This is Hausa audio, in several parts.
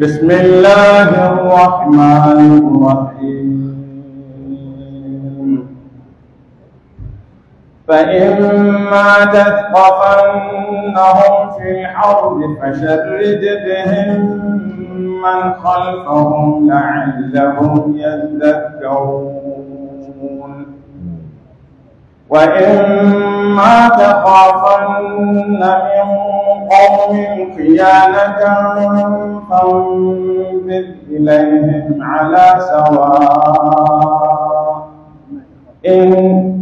بسم الله الرحمن الرحيم فإما تثقفنهم في الحرب فشرد بهم من خلفهم لعلهم يذكرون وإما تخافن من قوم خيانة فانبذ إليهم على سواء إن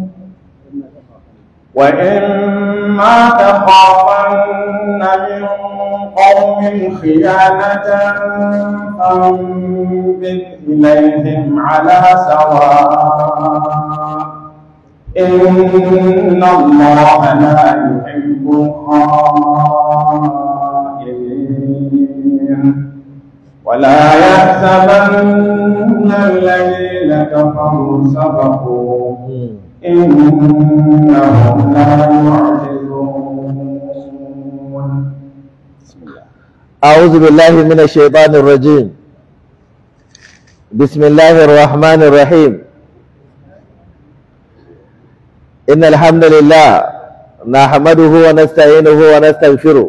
وإما تخافن من قوم خيانة فانبذ إليهم على سواء إن الله لا يحب الخائن ولا يحسبن الذين كفروا سبقوا إنهم لا يعجزون أعوذ بالله من الشيطان الرجيم بسم الله الرحمن الرحيم إن الحمد لله نحمده ونستعينه ونستغفره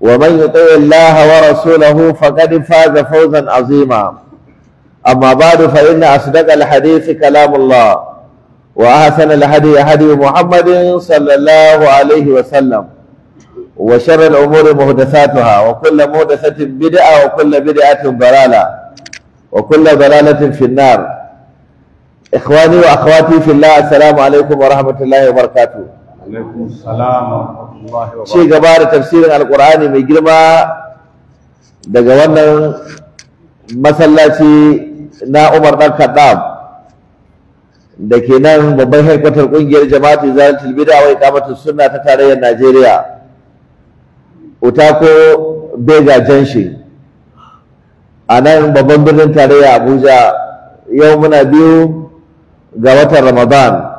ومن يطع الله ورسوله فقد فاز فوزا عظيما أما بعد فإن أصدق الحديث كلام الله وأحسن الهدي هدي محمد صلى الله عليه وسلم وشر الأمور محدثاتها وكل محدثة بدعة وكل بدعة ضلالة وكل ضلالة في النار إخواني وأخواتي في الله السلام عليكم ورحمة الله وبركاته ci gaba da tafsirin alkur'ani mai girma daga wannan masallaci na umar dan kaddam da ke nan babban haikwatar kungiyar jama'atu zalatul da wa ƙamatar suna ta tarayyar Najeriya Utako Bega Janshi a nan babban birnin tarayya Abuja yau muna biyu ga watan Ramadan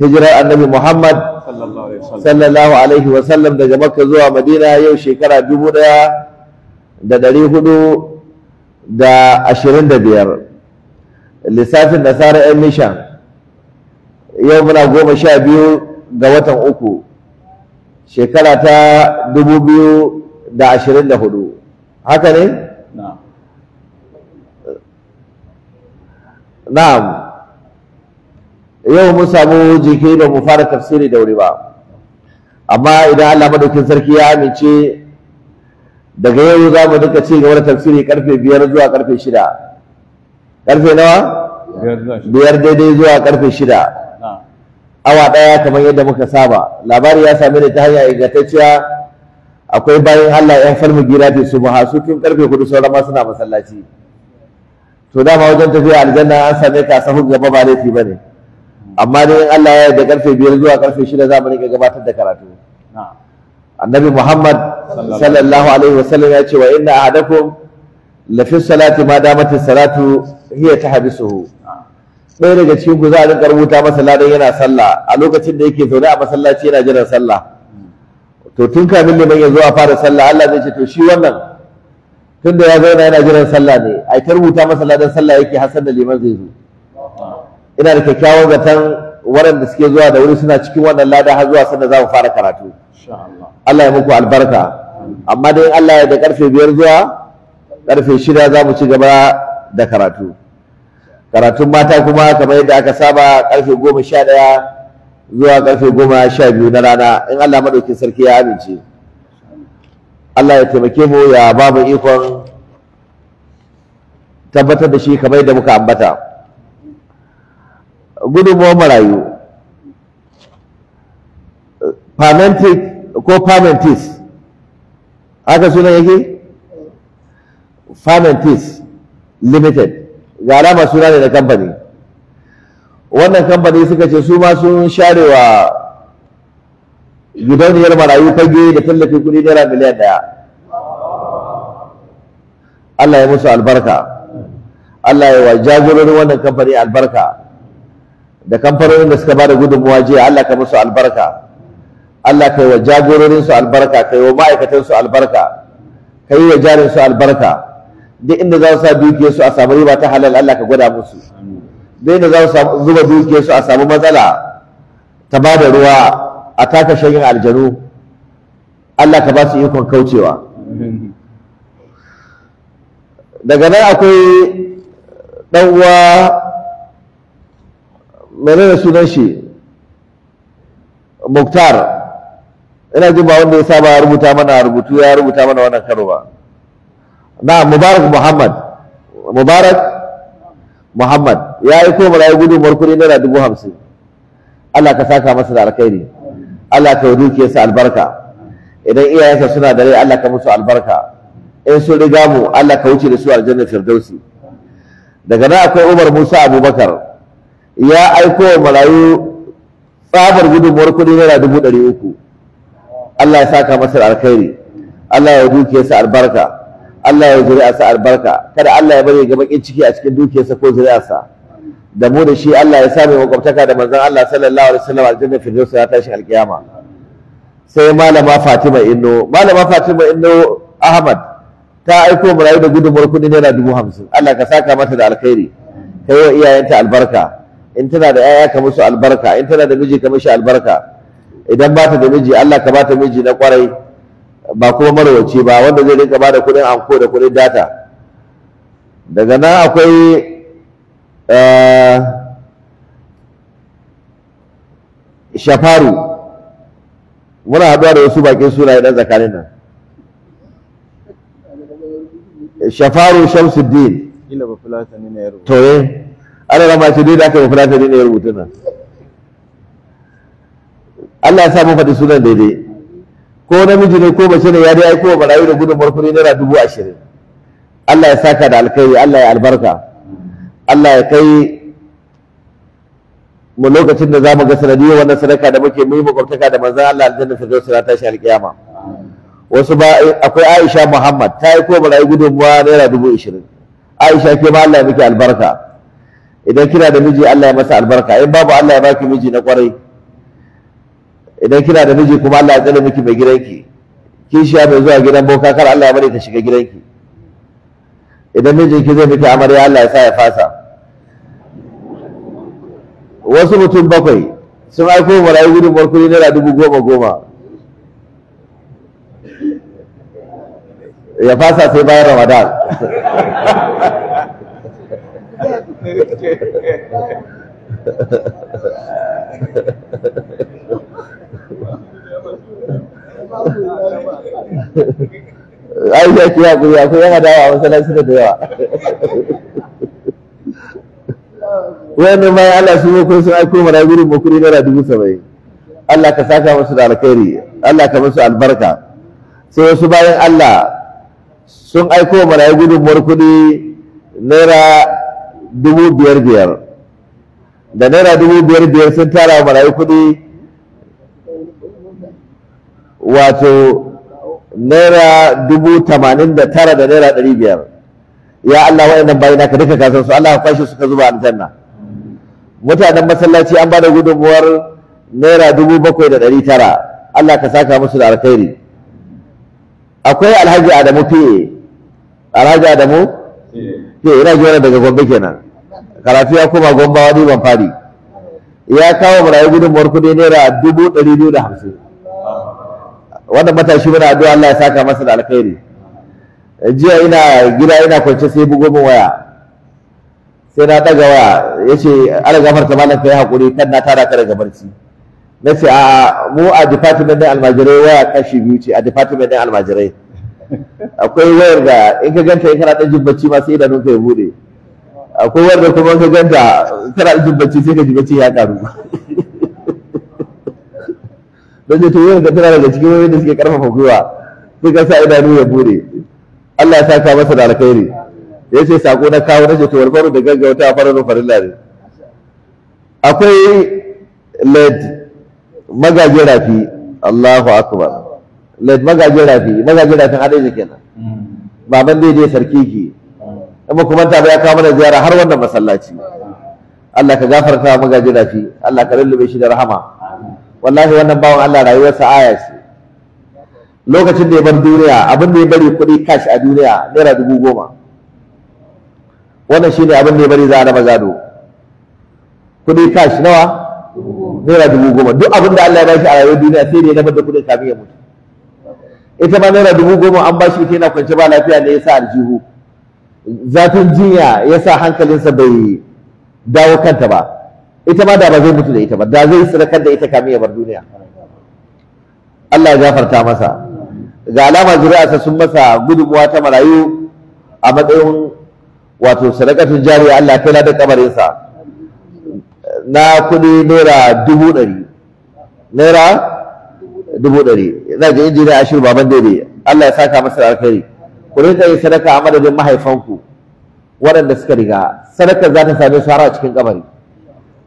hijirar annabi Muhammad sallallahu alaihi wasallam daga Makka zuwa Madina yau shekara dubu daya da ɗari hudu da ashirin da biyar lissafin nasara 'yan mishan yau muna goma sha biyu ga watan uku shekara ta dubu biyu da ashirin da hudu haka ne? na'am yau mun samu jike da mu fara tafsiri da wuri ba amma idan Allah madaukin sarki ya amince daga yau za mu duka ci gaba da tafsiri karfe biyar zuwa karfe shida karfe nawa biyar daidai zuwa karfe shida awa ɗaya kamar yadda muka saba labari ya sami da ta hanya ingantacciya akwai bayan Allah ya falmu gida da su ba su tun karfe kudu sauran ma suna masallaci to dama wajen tafiya aljanna an same ka sahun gaba ba laifi ba ne amma dai in Allah ya da karfe biyar zuwa karfe shida za mu rika gabatar da karatu annabi Muhammad sallallahu alaihi wasallam ya ce wa inna ahadakum la salati ma damat salatu hiya su ɗaya daga cikin ku za a rika rubuta masa ladan yana sallah a lokacin da yake zaune a masallaci yana jiran sallah to tun kamin liman ya zo a fara sallah Allah zai ce to shi wannan tun da ya zauna yana jiran sallah ne a ta rubuta masa ladan sallah yake hasan da liman zai zo ina da kyakkyawan zaton waɗanda suke zuwa da wuri suna cikin wannan lada har zuwa sanda za mu fara karatu Allah ya muku albarka amma dai in Allah ya da karfe biyar zuwa karfe shida za mu ci gaba da karatu karatun mata kuma kamar yadda aka saba karfe goma sha ɗaya zuwa karfe goma sha biyu na rana in Allah maɗaukin sarki ya amince Allah ya taimake mu ya ba mu ikon tabbatar da shi kamar yadda muka ambata. gudunmuwar marayu Parmentic ko Parmentis haka sunan yake? Parmentis Limited ga alama suna ne na kamfani wannan kamfani suka ce su ma sun share wa gidauniyar marayu fage da tallafi kuɗi naira miliyan ɗaya Allah ya musu albarka Allah ya wa jagororin wannan kamfani albarka da kamfanonin da suka ba da gudunmuwa jiya Allah ka musu albarka Allah ka yi wa jagororin su albarka yi wa ma'aikatan su albarka yi wa jarin su albarka duk inda za su sa dukiyar su a samu riba ta halal Allah ka gwada musu duk inda za su zuba dukiyar su a samu matsala ta ba da ruwa a taka shagin aljanu Allah ka ba su ikon kaucewa daga nan akwai ɗan uwa menene sunan shi muktar ina ji ba wanda ya saba rubuta mana rubutu ya rubuta mana wannan karo ba na mubarak muhammad mubarak muhammad ya yi ko marayu gudu markuri naira dubu hamsin allah ka saka masa da alkhairi allah ka duke sa albarka idan iyayensa suna da rai allah ka musu albarka in sun riga mu allah ka wuce da su aljanna firdausi daga nan akwai umar musa abubakar ya aiko wa marayu tsabar gudunmuwar kudi naira dubu ɗari uku Allah ya saka masa alkhairi Allah ya dukiyarsa albarka Allah ya zuri'arsa albarka kada Allah ya bari ga bakin ciki a cikin dukiyarsa ko zuri'arsa da mu da shi Allah ya sami makwabtaka da manzon Allah sallallahu alaihi wasallam aljanna firdaus ya tashi alkiyama sai malama Fatima Inno malama Fatima Inno Ahmad ta aiko marayu da gudunmuwar kuɗi naira dubu hamsin Allah ka saka mata da alkhairi kai wa iyayenta albarka in tana da 'ya'ya ka musu albarka in tana da miji ka mishi albarka idan ba ta da miji Allah ka ba ta miji na kwarai ba kuma marwaci ba wanda zai rinka ba da kuɗin anko da kuɗin data daga nan akwai eh, shafaru muna haɗuwa da wasu bakin sunaye ɗan tsakanin nan shafaru shamsuddin to eh ana rama shi dai da aka mafulata ne ya rubuta nan Allah ya sa mu faɗi sunan daidai ko namiji ne ko mace ne ya dai aiko wa barayi da gudun marfuri naira dubu ashirin Allah ya saka da alkai Allah ya albarka Allah ya kai mu lokacin da za mu ga sanadiyar wannan sadaka da muke mu yi makwabtaka da manzan Allah aljanna ta zo sura ta shi alkiyama wasu ba akwai Aisha Muhammad ta yi ko barayi gudunmuwa naira dubu ashirin Aisha ke ma Allah ya miki albarka idan kina da miji Allah ya masa albarka in babu Allah ya baki miji na kwarai idan kina da miji kuma Allah ya tsare miki mai gidanki kishiya mai zuwa gidan boka kar Allah ya bari ta shiga gidanki idan mijinki zai miki amarya Allah ya sa ya fasa wasu mutum bakwai sun aiko marayu gudun barkuni naira dubu goma goma ya fasa sai bayan ramadan Aisha ki haƙuri akwai yana dawa a masallaci da yawa. Wani ma Allah su yi kun sun aiko mara gurin makuri naira dubu saba'in. Allah ka saka musu da alkhairi, Allah ka musu albarka. Sai wasu bayan Allah sun aiko mara gudun kuɗi naira dubu biyar biyar da naira dubu biyar biyar sun tara marayu kuɗi wato naira dubu tamanin da tara da naira ɗari biyar ya Allah waɗannan bayi naka duka kasan su Allah kwashe suka zuba aljanna mutanen masallaci an bada gudunmuwar naira dubu bakwai da ɗari tara Allah ka saka musu da alkhairi akwai alhaji Adamu fiye alhaji Adamu ke ina ji daga gombe kenan karatu ya koma gomba wani ban fari ya kawo marayu gudunmuwar kuɗi naira dubu ɗari biyu da hamsin wannan matashi muna addu'a Allah ya saka masa da alkhairi jiya ina gida ina kwance sai bugo min waya sai na daga waya yace ana gafarta malam kai hakuri kan na tara ka daga barci Na ce a mu a department din almajirai waya kashi biyu ce a department din almajirai akwai wayar da in ka ganta in kana da jin bacci ma sai idanun ka ya bude akwai wayar da kuma ka ganta kana jin bacci sai ka ji bacci ya karu don je to wayar da tana daga cikin wayar da suke ƙarfafa gwiwa sai ka sa idanu ya bude Allah ya saka masa da alkhairi ya ce sako na kawo na ce to warbaru da gaggauta fararun farilla ne akwai led magajin rafi Allahu akbar lad magajin rafi magajin rafin hadeja kenan hmm. baban daidai sarki ki amma kuma ta ya kawo mana ziyara har wannan masallaci Allah ka gafarta magajin rafi Allah ka lullube shi da rahama wallahi wannan bawon Allah rayuwarsa aya ce lokacin da ya bar duniya abin da ya bari kuɗi cash a duniya naira dubu goma wannan shine abin da ya bari za a raba gado kuɗi cash nawa naira dubu goma duk abin da Allah ya bashi a rayuwar duniya sai da ya dabar da kuɗin kafin ya mutu ita ma naira dubu goma an ba shi ita yana kwance ba lafiya ne ya sa aljihu zafin jinya ya sa hankalinsa bai dawo kanta ba ita ma da ba zai mutu da ita ba da zai sadakar da ita kamin ya bar duniya Allah ya gafarta masa ga alama zuri'arsa sun masa gudunmuwa ta marayu a matsayin wato sadakatun jariya Allah ta da kamarinsa na kudi naira dubu ɗari naira dubu ɗari za ga injiniya ashiru baban daidai Allah ya saka masa alkhairi ku rinka yin sadaka a madadin mahaifanku waɗanda suka riga sadakar za ta same su har a cikin kabari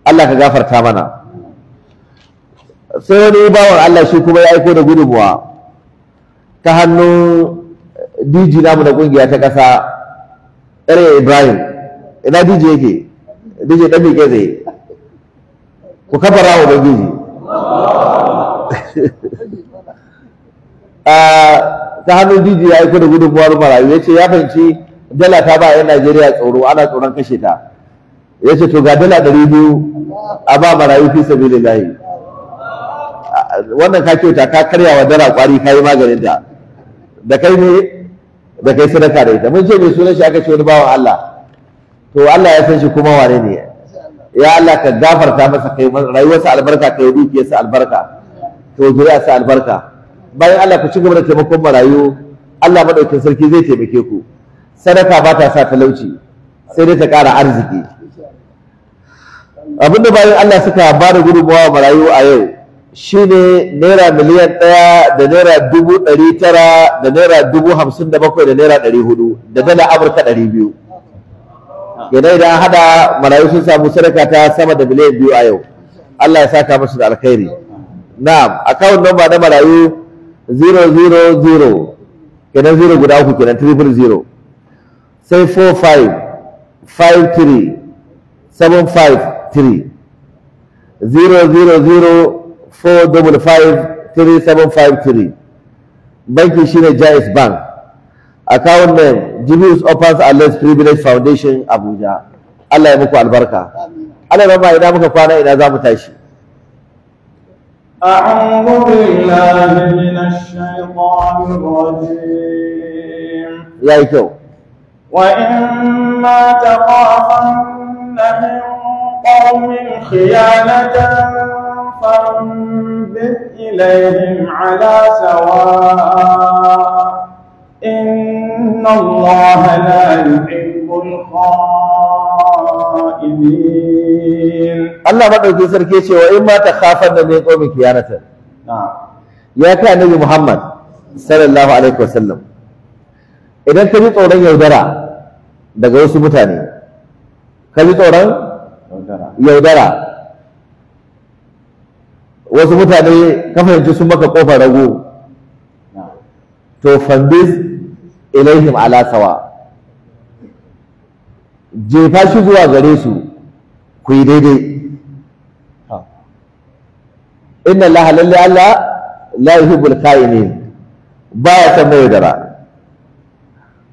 Allah ka gafarta mana sai wani bawan Allah shi kuma ya aiko da gudunmuwa ta hannu diji namu da kungiya ta ƙasa ɗare Ibrahim ina diji yake diji ɗan miƙe zai ku kafa rawa ubangiji ta hannun jiji ya aiko da gudunmuwar marayu ya ce ya fahimci dala ta ba 'yan najeriya tsoro ana tsoron kashe ta ya ce to ga dala ɗari biyu a ba marayu fi da lahi wannan ka kyauta ka karya wa dala kwari ka yi maganin ta da kai ne da kai sadaka da ita mun ce mai sunan shi aka ce wani bawan Allah to Allah ya san shi kuma wane ne ya Allah ka gafarta masa kai rayuwarsa albarka kai dukiyarsa albarka to zuriya sa albarka bayan Allah ku ci gaba da taimakon marayu Allah madaukin sarki zai taimake ku sadaka ba ta sa talauci sai dai ta kara arziki abinda bayan Allah suka ba da gudunmawa marayu a yau shine naira miliyan ɗaya da naira dubu ɗari tara da naira dubu hamsin da bakwai da naira ɗari hudu da dala amurka ɗari biyu idan idan hada marayu sun samu sadaka ta sama da miliyan biyu a yau Allah ya saka musu da alkhairi na'am account number na marayu 000 kenan 0 guda uku kenan 300 sai 45 53 753 000 banki shine Jais Bank account name Julius Opens and Less Privilege Foundation Abuja Allah ya muku albarka Allah ya ba ina muka kwana ina za mu tashi أعوذ بالله من الشيطان الرجيم يا يكو وإما تخافن من قوم خيانة فانبت إليهم على سواء إن الله لا يحب الخائن Allah maɗauki sarki ce wa in ma ta kafar da ne ƙomi kiyanatar. Ya kai nabi Muhammad sallallahu alaihi wa sallam. Idan ka ji tsoron yaudara daga wasu mutane, ka ji tsoron yaudara. Wasu mutane ka fahimci sun maka ƙofar rago. To, fandiz ilaihim ala sawa. jefa shi zuwa gare su ku yi daidai inna Allah lalle Allah la yuhibbul Ba ya san mai dara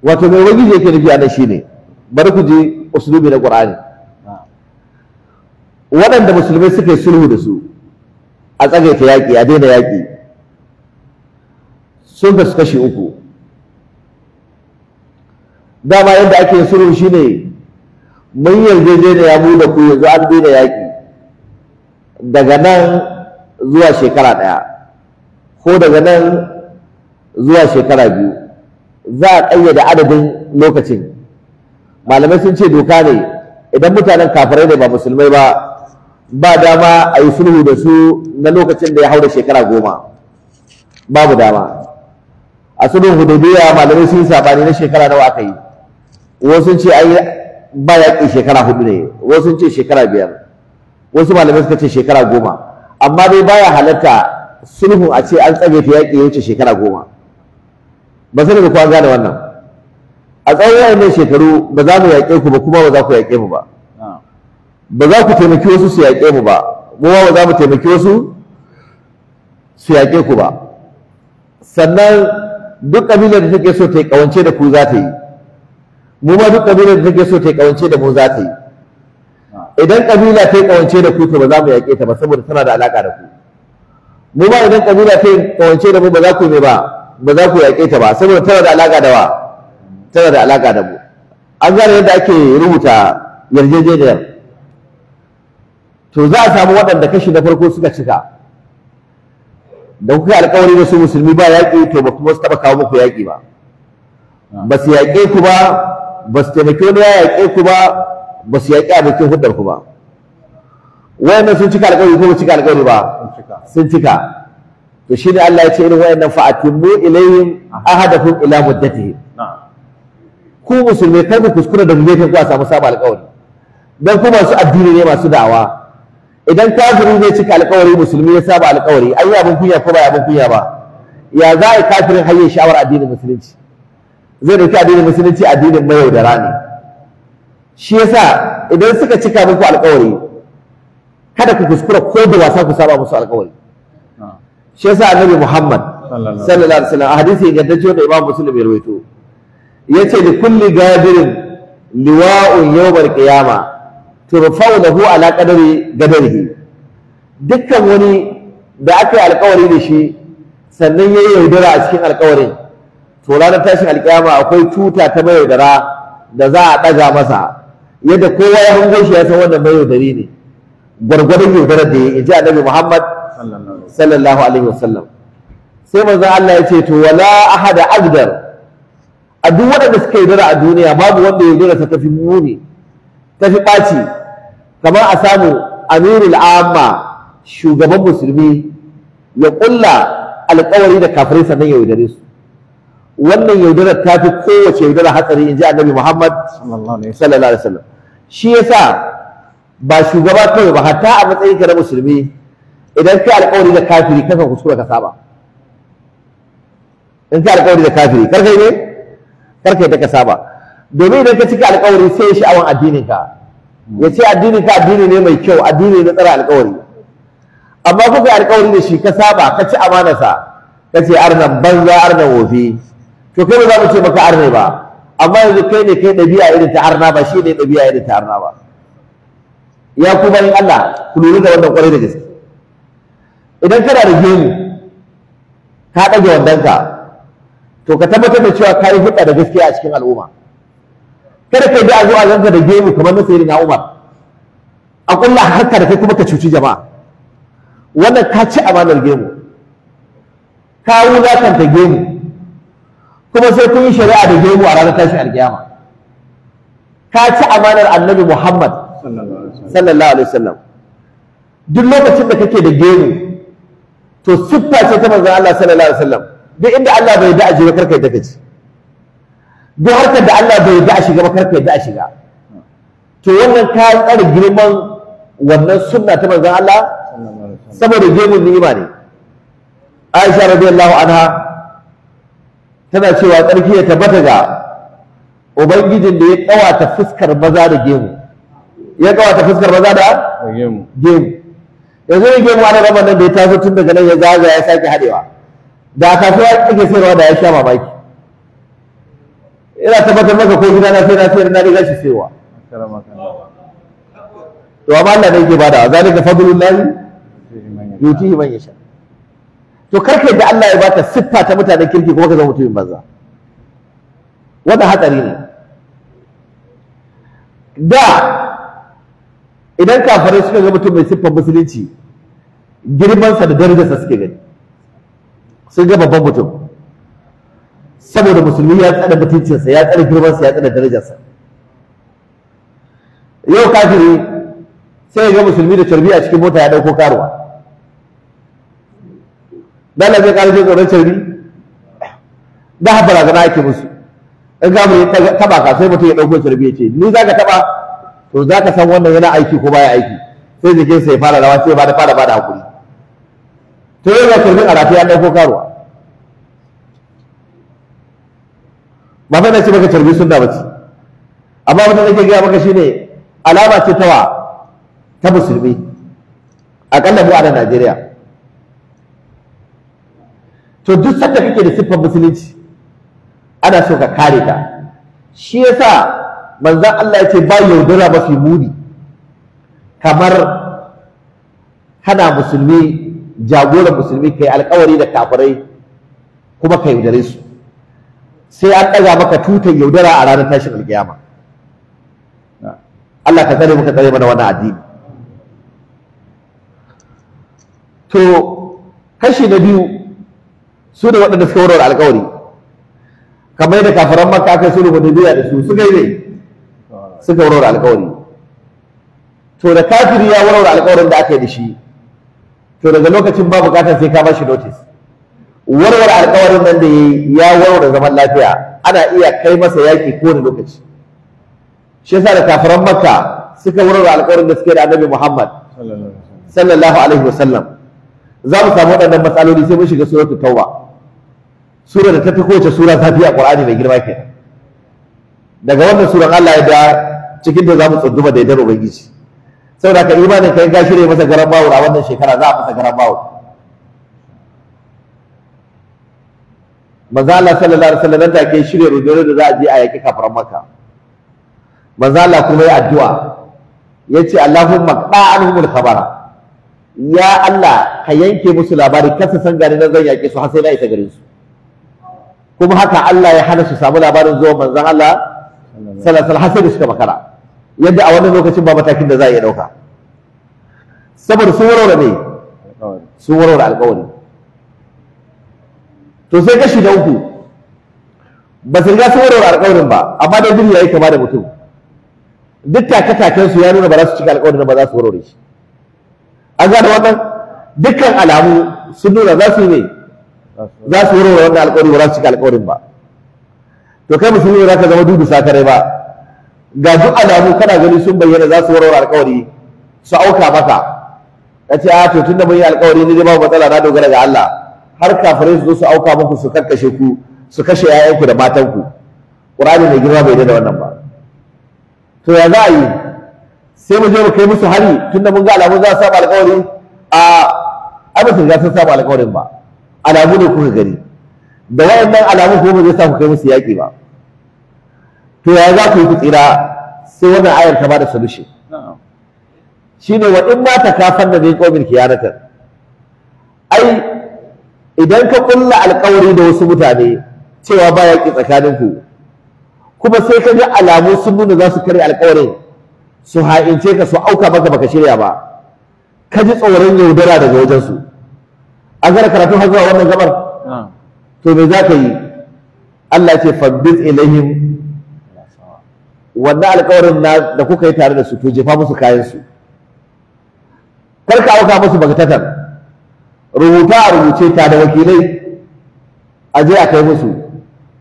wato mai wani yake nufi shi shine bari ku ji usulubi na Qur'ani waɗanda musulmai suka yi sulhu da su a tsagaita yaƙi a daina yaƙi sun su kashi uku dama yadda ake sulhu shine mun yarjejeniya mu da ku yanzu an daina yaƙi daga nan zuwa shekara ɗaya ko daga nan zuwa shekara biyu za a ƙayyade adadin lokacin malamai sun ce doka ne idan mutanen kafirai ne ba musulmai ba ba dama a yi sulhu da su na lokacin da ya hau shekara goma babu dama a sulhun hudaybiya malamai sun yi sabani na shekara nawa aka yi wasu sun ce ai ba ƙi shekara hudu ne wasu ce shekara biyar wasu malamai suka ce shekara goma amma dai baya halatta sulhun a ce an tsage ta yaƙi ya wuce shekara goma ba sai daga kuwa gane wannan a tsawon wayannan shekaru ba za mu yaƙe ku ba kuma ba za ku yaƙe mu ba ba za ku taimaki wasu su yaƙe mu ba kuma ba za mu taimaki wasu su yaƙe ku ba sannan duk ƙabilar da take so ta yi ƙawance da ku za ta yi mu ma duk kabilar da take so ta kawance da mu za ta yi idan kabila ta kawance da ku to ba za mu yaƙe ta ba saboda tana da alaka da ku mu ma idan kabila ta kawance da mu ba za ku yi ba ba za ku yaƙe ta ba saboda tana da alaka da wa tana da alaka da mu an gane yadda ake rubuta yarjejeniyar to za a samu waɗanda kashi na farko suka cika da kuka alkawari da su musulmi ba yaƙi to ba kuma su taɓa kawo muku yaƙi ba ba su yaƙe ku ba ba su taimaki wani ya yaƙe ku ba ba su yaƙi abokin hudar ku ba wayannan sun cika alƙawari ko ba cika alƙawari ba sun cika to shi ne Allah ya ce irin wayannan fa atimmu ilayhim ahadakum ila muddatihim ku musulmai kar ku kuskura da mulkin ku a samu saba alƙawari dan ku masu addini ne masu da'awa idan kafiri ne cika alƙawari musulmi ya saba alƙawari ai abin kunya ko ba abin kunya ba ya za a kafirin hayyar shawar addinin musulunci zai dauki addinin musulunci addinin yaudara ne shi yasa idan suka cika muku alƙawari kada ku kuskura ko da wasa ku saba musu alƙawari shi yasa annabi Muhammad sallallahu alaihi wasallam a hadisi ingantacce da Imam Muslim ya rawaito yace li kulli gadirin liwa'un yawmal qiyama turfa'uhu ala qadari gadarihi dukkan wani da aka yi alƙawari da shi sannan ya yaudara a cikin alƙawarin to ranar tashin alƙiyama akwai tuta ta mayaudara da za a ɗaga masa yadda kowa ya hango shi ya san wannan mayaudari ne gwargwadon yaudarar da ya yi ji annabi muhammad sallallahu alaihi wasallam sai manzo Allah ya ce to wala ahada agdar a duk waɗanda suka yi dara a duniya babu wanda ya yaudara ta fi muni tafi ɓaci kamar a samu amirul amma shugaban musulmi ya ƙulla alƙawari da kafirai sannan ya yaudare su wannan yaudarar ta fi kowace yaudarar hatsari in ji annabi Muhammad sallallahu alaihi wasallam shi yasa ba shugaba kawai ba hatta a matsayin ka na musulmi idan ka alƙawari da kafiri kakan kuskura ka saba in ka alƙawari da kafiri karkai ne karkai da ka saba domin idan ka cika alƙawari sai ya sha'awan addinin ka ya ce addinin ka addini ne mai kyau addini ne na tsara alƙawari amma kuka alƙawari da shi ka saba ka ci amanarsa ka ce arnan banza arnan wofi to kai ba za mu ce maka arne ba amma yanzu kai ne kai ɗabi'a irin ta arna ba shi ne ɗabi'a irin ta arna ba ya ku bayan Allah ku lura da wannan kwarai da gaske idan kana da gemu ka ɗage wandonka to ka tabbatar da cewa ka yi hudda da gaskiya a cikin al'umma kada ka bi a zo a ganka da gemu kamar na sayyidina Umar a kulla harka da kai kuma ka cuci jama'a wannan ka ci amanar gemu ka wulakanta gemu kuma sai kun yi shari'a da gemu a ranar tashin alkiyama ka ci amanar annabi Muhammad sallallahu alaihi wasallam duk lokacin da kake da gemu to siffa ce ta manzon Allah sallallahu alaihi wasallam duk inda Allah bai da ajiye karka yadda kace duk harkar da Allah bai da a shiga ba karka yadda a shiga to wannan ka tsare girman wannan sunna ta manzon Allah saboda ni ni'ima ne Aisha radiyallahu anha tana cewa ƙarfi ya tabbata ga ubangijin da ya ƙawata fuskar maza da gemu ya ƙawata fuskar maza da gemu yanzu ne gemu ana raba nan da ya taso tun daga nan ya zaga ya sake haɗewa da kasuwa ƙage sayarwa da ya sha mamaki ina tabbatar maka ko gida na sai na sayar na riga shi sayarwa to amma Allah ne yake bada zalika fadlullahi lahi yutihi man yasha to karka da Allah ya baka siffa ta mutanen kirki kuma ka zama mutumin banza wannan hatsari ne da idan kafare suka ga mutum mai siffar musulunci girmansa da darajarsa suke gani sun ga babban mutum saboda musulmi ya tsada mutuncinsa ya tsada girmansa ya tsada darajarsa yau kafiri sai ya ga musulmi da a cikin mota ya dauko karuwa dala zai ƙara jin tsoron shirri da ha barazana ake musu in mu mai taba ka sai mutum ya ɗauko shirbi ya ce ni za ka taba to za ka san wannan yana aiki ko baya aiki sai jikin ya fara rawa sai ba bada fara da hakuri to yana shirbin a rafi ya ɗauko karuwa ba fa na ce maka shirbi sunna ba ce amma wata da ke gaya maka shine alama ce ta wa ta musulmi aƙalla mu a Najeriya to duk sanda kake da siffar musulunci ana so ka kare ta shi yasa manzon Allah ya ce ba yaudara mafi muni kamar hana musulmi jagoran musulmi kai alkawari da kafirai kuma ka yaudare su sai an ɗaga maka tutan yaudara a ranar tashin alkiyama Allah ka tsare maka tsare mana wani addini to kashi na biyu su da waɗanda suka warware alƙawari kamar yadda kafaran makka aka sulhu hudaybiya da su suka yi suka warware alƙawari to da kafiri ya warware alƙawarin da aka yi da shi to daga lokacin ba bukatar sai ka bashi notice warware alƙawarin nan da ya ya warware zaman lafiya ana iya kai masa yaƙi kowane lokaci shi yasa da kafaran makka suka warware alƙawarin da suke da annabi muhammad sallallahu alaihi wasallam za mu samu waɗannan matsaloli sai mun shiga suratul tauba sura da ta fi kowace sura ta fi a Qur'ani mai girma kenan daga wannan suran Allah ya da cikin da za mu tsunduma da ya yardar ubangiji da ka imanin yi gashi ne masa garan bawul a wannan shekara za a masa garan bawul manzo Allah sallallahu alaihi wasallam da ke shirye rundunar da za a je a yaki kafiran maka manzo Allah kuma ya addu'a yace Allahumma qa'anhumul khabara ya Allah ka yanke musu labari kasa san gari na zan yaki su har sai na isa garin su kuma haka Allah ya hana su samu labarin zuwa manzon Allah sallallahu alaihi suka makara yadda a wannan lokacin ba matakin da za a iya dauka saboda sun warware ne sun warware alƙawari to sai kashi da uku ba su riga sun warware alƙawarin ba amma da duniya yayi kama da mutum duk take su ya nuna ba za su cika alƙawarin ba za su warware shi an gane wannan dukkan alamu sun nuna za su yi ne za su warware wannan alƙawari ba za su cika alƙawarin ba to kai musulmi ba za ka zama dubu sakare ba ga duk alamu kana gani sun bayyana za su warware alƙawari su auka maka ka ce a ah, to tunda mun yi alƙawari ne babu matsala na dogara ga Allah har kafirai su zo su auka muku su karkashe ku su kashe 'ya'yanku da matanku ƙur'ani mai girma bai da wannan ba to ya za a yi sai mu je mu kai musu hari tunda mun ga alamu za su saba alƙawari a ah, ai ba su sun saba alƙawarin ba alamu ne kuka gani da wayannan alamu kuma ba zai sa ku kai musu yaƙi ba to ya za ku yi ku tsira sai wannan ayar ta bada solution shine wa in ma ta kafan da min qaumin kiyanatan ai idan ka ƙulla alƙawari da wasu mutane cewa ba yaƙi tsakaninku kuma sai ka ji alamu sun nuna za su karya alƙawarin su ha'ince ka su auka maka baka shirya ba ka ji tsoron yaudara daga wajensu an gara karatu har zuwa wannan gabar to me za ka yi Allah ce fabbiz ilayhim wannan alƙawarin na da kuka yi tare da su to jefa musu kayan su kar ka auka musu bagatatan rubuta a rubuce ta da wakilai a je a kai musu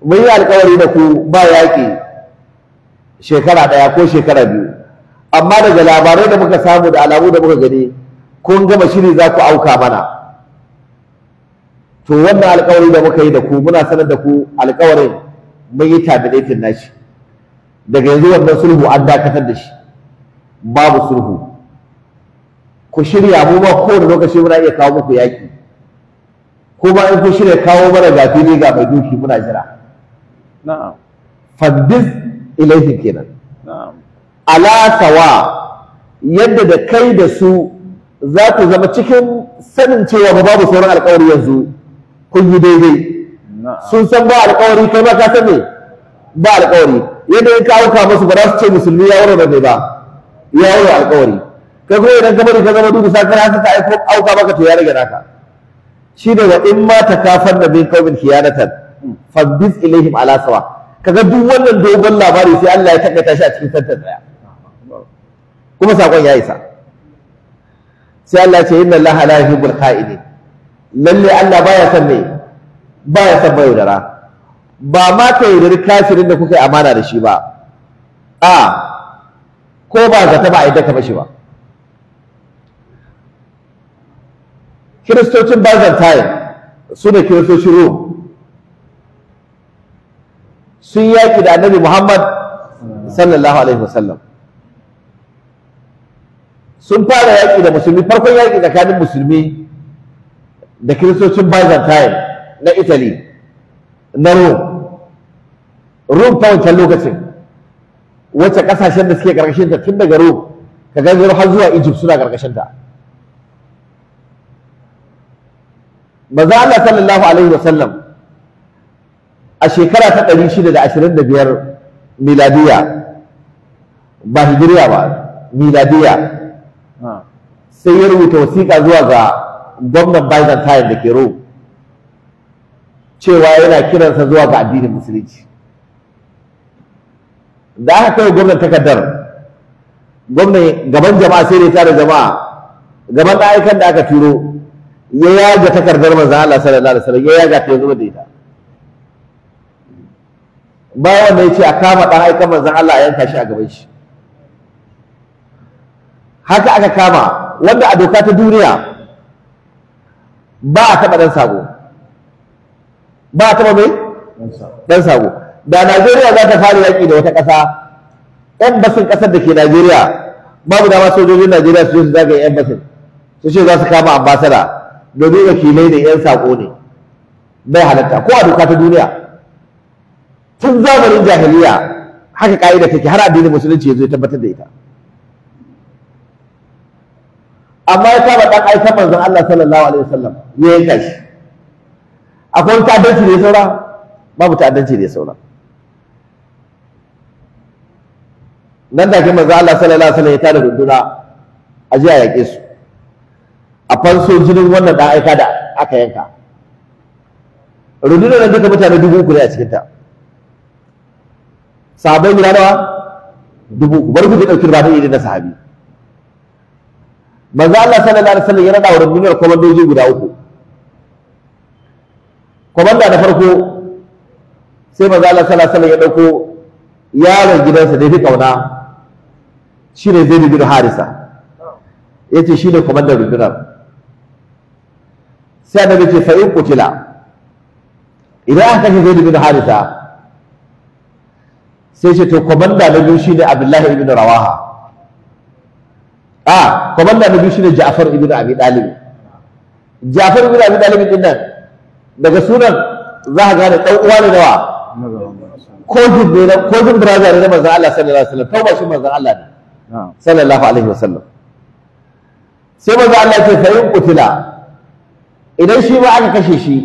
mun yi alƙawari da ku ba yaƙi shekara ɗaya ko shekara biyu amma daga labarai da muka samu da alamu da muka gani kun gama shiri za ku auka mana to wannan alƙawari da muka yi da ku muna sanar da ku alƙawarin mun yi terminating nashi daga yanzu wannan sulhu an dakatar da shi babu sulhu ku shirya mu ma kowane lokaci muna iya kawo muku yaƙi kuma in ku shirya kawo mana ga fili ga mai duki muna jira na'am faddis kenan na'am ala sawa yadda da kai da su za ku zama cikin sanin cewa babu sauran alƙawari yanzu kun yi daidai sun san ba alƙawari kai ba ka san me ba alƙawari yadda in ka auka musu ba za su ce musulmi ya wuri bane ba ya wuri alƙawari kai kuma idan ka bari ka zama dudu sakar haka haka aiko auka maka to ya rage naka shi ne wa in ma kafar da bin kaumin khiyanatan fabiz ilaihim ala sawa kaga duk wannan dogon labari sai Allah ya takaita shi a cikin tantan daya kuma sakon ya isa sai Allah ya ce inna Allah la yuhibbul qa'idin lalle Allah baya son me baya bai dara ba ma ka dari kafirin da kuka yi amana da shi ba a ko ba zata ba a yadda ka mashi ba kiristocin Byzantine su ne kiristocin Rome sun yaki da annabi Muhammad sallallahu alaihi wasallam sun fara yaƙi da musulmi farkon yaƙi tsakanin musulmi da kiristocin byzantine na italy na rome rome ta wancan lokacin wacce kasashen da suke karkashin ta tun daga rome ka gangaro har zuwa egypt suna karkashin ta maza Allah sallallahu alaihi wasallam a shekara ta ɗari shida da ashirin da biyar miladiya ba hijiriya ba miladiya sai ya rubuta wasiƙa zuwa ga gwamnan byzantine da ke rome cewa yana kiransa zuwa ga addinin musulunci da aka kai gwamnan takardar gwamnan gaban jama'a sai dai tare jama'a gaban ɗayakan da aka turo ya yaga takardar manzo Allah sallallahu alaihi wasallam ya yaga ta yanzu da ita bayan da ya ce a kama ɗan aikan manzon Allah a yanka shi a gaban shi haka aka kama wanda a doka ta duniya ba a taɓa ɗan sago ba a taɓa mai ɗan sago da najeriya za ta fara yaƙi da wata ƙasa yan basin ƙasar da ke najeriya babu dama sojojin najeriya su je su zagaye yan basin su ce za su kama ambasada domin wakilai da yan saƙo ne bai halatta ko a doka ta duniya tun zamanin jahiliya haka ka'ida take har addinin musulunci ya zo ya tabbatar da ita amma ya saba dan aisha manzon Allah sallallahu alaihi wasallam ya yanka shi akwai ta'addanci da ya saura babu ta'addanci da ya saura nan da ke manzo Allah sallallahu alaihi wasallam ya tada runduna a jiya yaƙe su a fanso jinin wannan da aika da aka yanka rundunar da duka mutane dubu uku ne a cikin ta sahabbai guda nawa dubu uku bari ku ji ɗauki ba ta irin na sahabi manzo Allah sallallahu alaihi wasallam ya rada wa duniyar komandoji guda uku komanda na farko sai manzo Allah sallallahu alaihi wasallam ya dauko yaron gidansa da yake kauna shine zai bin Harisa yace shine komandan rundunar sai annabi ce fa in idan aka kashe zai bin Harisa sai ce to komanda na biyu shine Abdullahi ibn Rawaha a ah, da nabi biyu ne ja'afar ibn Abi Talib ja'afar ibn Abi Talib din nan daga sunan za ka gane dan uwa ne dawa kojin ne kojin brother ne manzon Allah sallallahu alaihi wasallam tauba shi manzon Allah ne sallallahu alaihi wasallam sai manzon Allah ce fain kutila idan shi ba aka kashe shi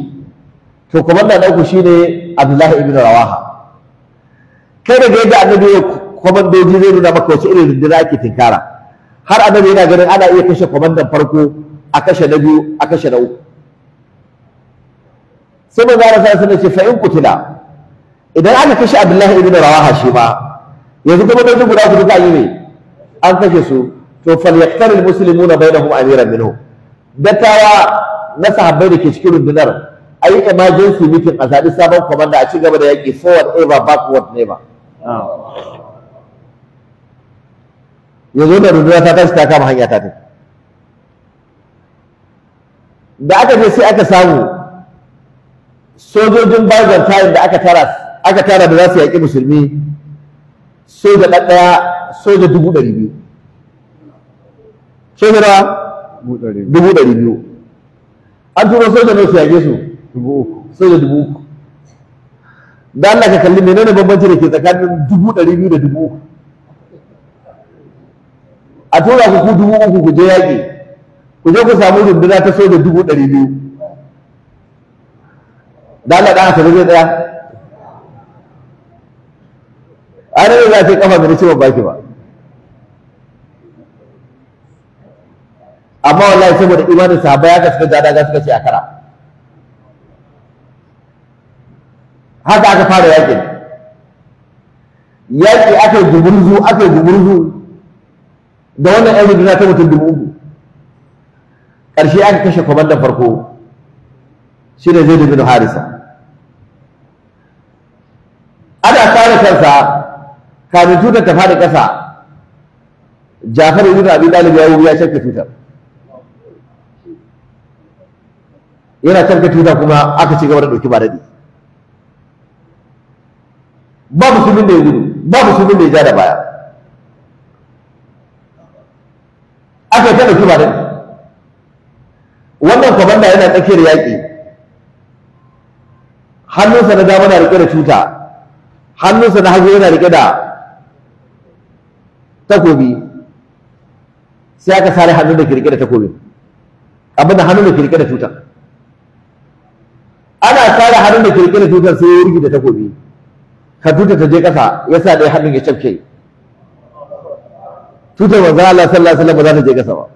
to komanda na uku shine Abdullahi ibn Rawaha kai da yadda annabi komandoji zai nuna maka wace irin rundunar ake tinkara har annabi yana ganin ana iya kashe kwamandan farko a kashe na biyu a kashe na uku sai manzo Allah sallallahu alaihi ce fa in kutila idan aka kashe Abdullahi ibn Rawaha shi ma yanzu kuma dai guda ku duka yi ne an kashe su to falyaqtar almuslimuna bainahum amiran minhum dattawa na sahabbai da ke cikin rundunar a yi emergency meeting a zaɓi sabon kwamanda a ci gaba da yaƙi forward ever backward never zo da rundunar ta tashi ta kama hanya ta tafi da aka je sai aka samu sojojin Byzantine da aka tara aka tara da za su yaƙi musulmi soja ɗaɗɗaya soja dubu ɗari biyu soja na dubu ɗari biyu an turo soja ne su yaƙe su soja dubu uku da Allah ka kalli menene bambanci da ke tsakanin dubu ɗari biyu da dubu uku a tura ku dubu uku ku je yaƙi ku je ku samu runduna ta soja dubu ɗari biyu da Allah ɗan asabi zai tsaya an yi za a ce kafa da cewa baki ba amma wallahi saboda imanin ya haka suka da, daga suka ce a kara haka aka fara yaƙin yaƙi aka yi gumurzu aka yi gumurzu da wannan yan runduna ta mutum dubu uku ƙarshe aka kashe kwamandan farko shi ne zai bin harisa ana kare kansa kamin tutar ta fara ƙasa jafar ibn abin dalib ya yi ya shakka tutar yana shakka tutar kuma aka ci gaba da ɗauki ba daɗi ba musulmin da ya gudu ba musulmin da ya ja da baya aka yi ta ɗauki ba daɗi wannan kwamanda yana tsakiyar yaƙi hannunsa na dama na riƙe da tuta hannunsa na hagu yana riƙe da takobi sai aka sare hannun da ke riƙe da takobi, abinda hannun da ke riƙe da tutar ana sare hannun da ke riƙe da tutar sai ya riƙe da takobi ka tuta ta je ƙasa ya sa ɗaya hannun ya cafke tutar manzo Allah sallallahu alaihi wasallam ba za ta je kasa ba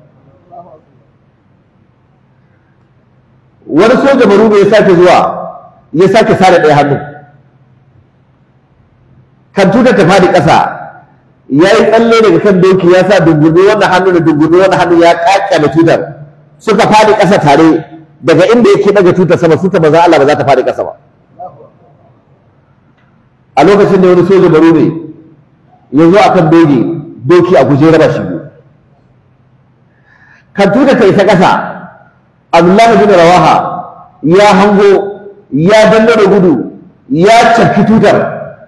wani soja barugo ya sake zuwa ya sake sare ɗaya hannu kan tutar ta fadi ƙasa ya yi tsalle daga kan doki ya sa dungurmi wannan hannu da dungurmi wannan hannu ya ƙaƙƙale tutar suka fadi ƙasa tare daga inda yake daga tutar sama suta manzo Allah ba za ta fadi ƙasa ba a lokacin da wani soja barure ya zo akan doki doki a guje raba shi kan tuka ta isa ƙasa abdullahi bin rawaha ya hango ya danna da gudu ya caki tutar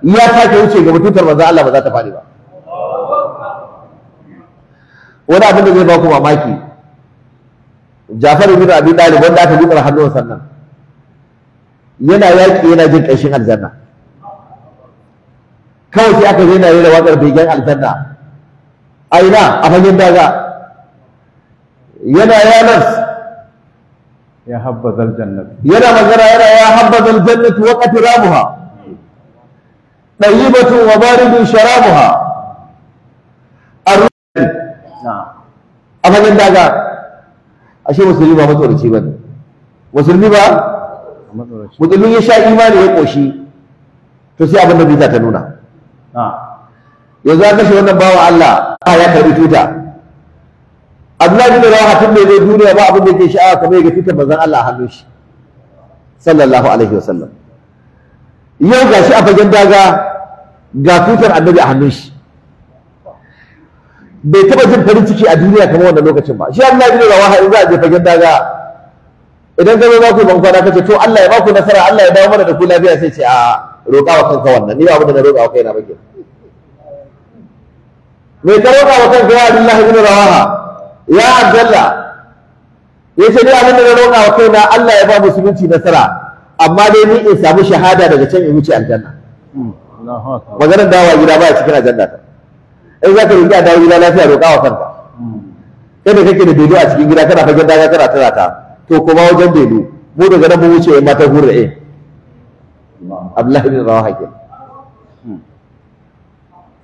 ya sake wuce gaba tutar manzo Allah ba za ta fadi ba wani abin da zai ba ku mamaki Jafar bin Abi Talib wanda aka gubar hannun sannan yana yaƙi yana jin kashin aljanna kawai sai aka na rera waƙar begen aljanna Aina a fagen daga yana yanar ya habbazal jannat yana magana yana ya habbazal jannat wa qatirabuha tayyibatu wa baridun sharabuha arruhi a fagen daga ashe musulmi ba matsoraci ba ne musulmi ba musulmi ya sha imani ya koshi to sai abin da biza ta nuna yanzu an kashe wannan bawa Allah a ya karbi tuta Abdullahi bin Rawaha tun da zai duniya ba abin da yake sha'awa kamar ya ga tutar manzon Allah a hannun shi sallallahu alaihi wa sallam. yau ga shi a fagen daga ga tutar annabi a hannun shi bai taba jin farin ciki a duniya kamar wannan lokacin ba shi Abdullahi bin Rawaha in za a je fagen daga idan gaba ba ku ban kwana kace to Allah ya ba ku nasara Allah ya dawo mana da ku lafiya sai ce a roƙa wa kanka wannan ni ba abin da na roƙa wa kaina ba kenan mai tarauka wa kanka ya abdullahi ibn rawaha ya abdullah ya ce dai abin da na roƙa wa kaina Allah ya ba musulunci nasara amma dai ni in samu shahada daga can in wuce aljanna maganar dawa gida ba a cikin aljanna ta in za ka yi a dawo gida lafiya roƙa wa kanka kai da kake da dodo a cikin gida kana fagen daga kana tara ta to kuma wajen dodo mu daga nan mun wuce mata hurra eh Abdullahi ibn Rawaha ke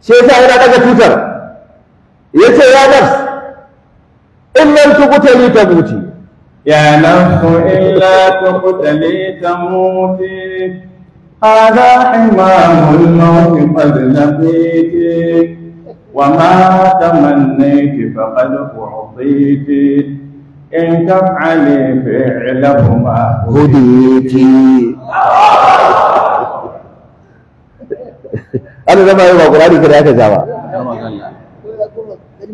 shi yasa yana daga tutar yace ya nafs in lam tuqtali tamuti ya nafsu illa tuqtali tamuti هذا حمام الموت قد لقيت وما تمنيت فقد أعطيت إن تفعلي فعلهما هديت أنا لما يبقى قرآني كذا هكذا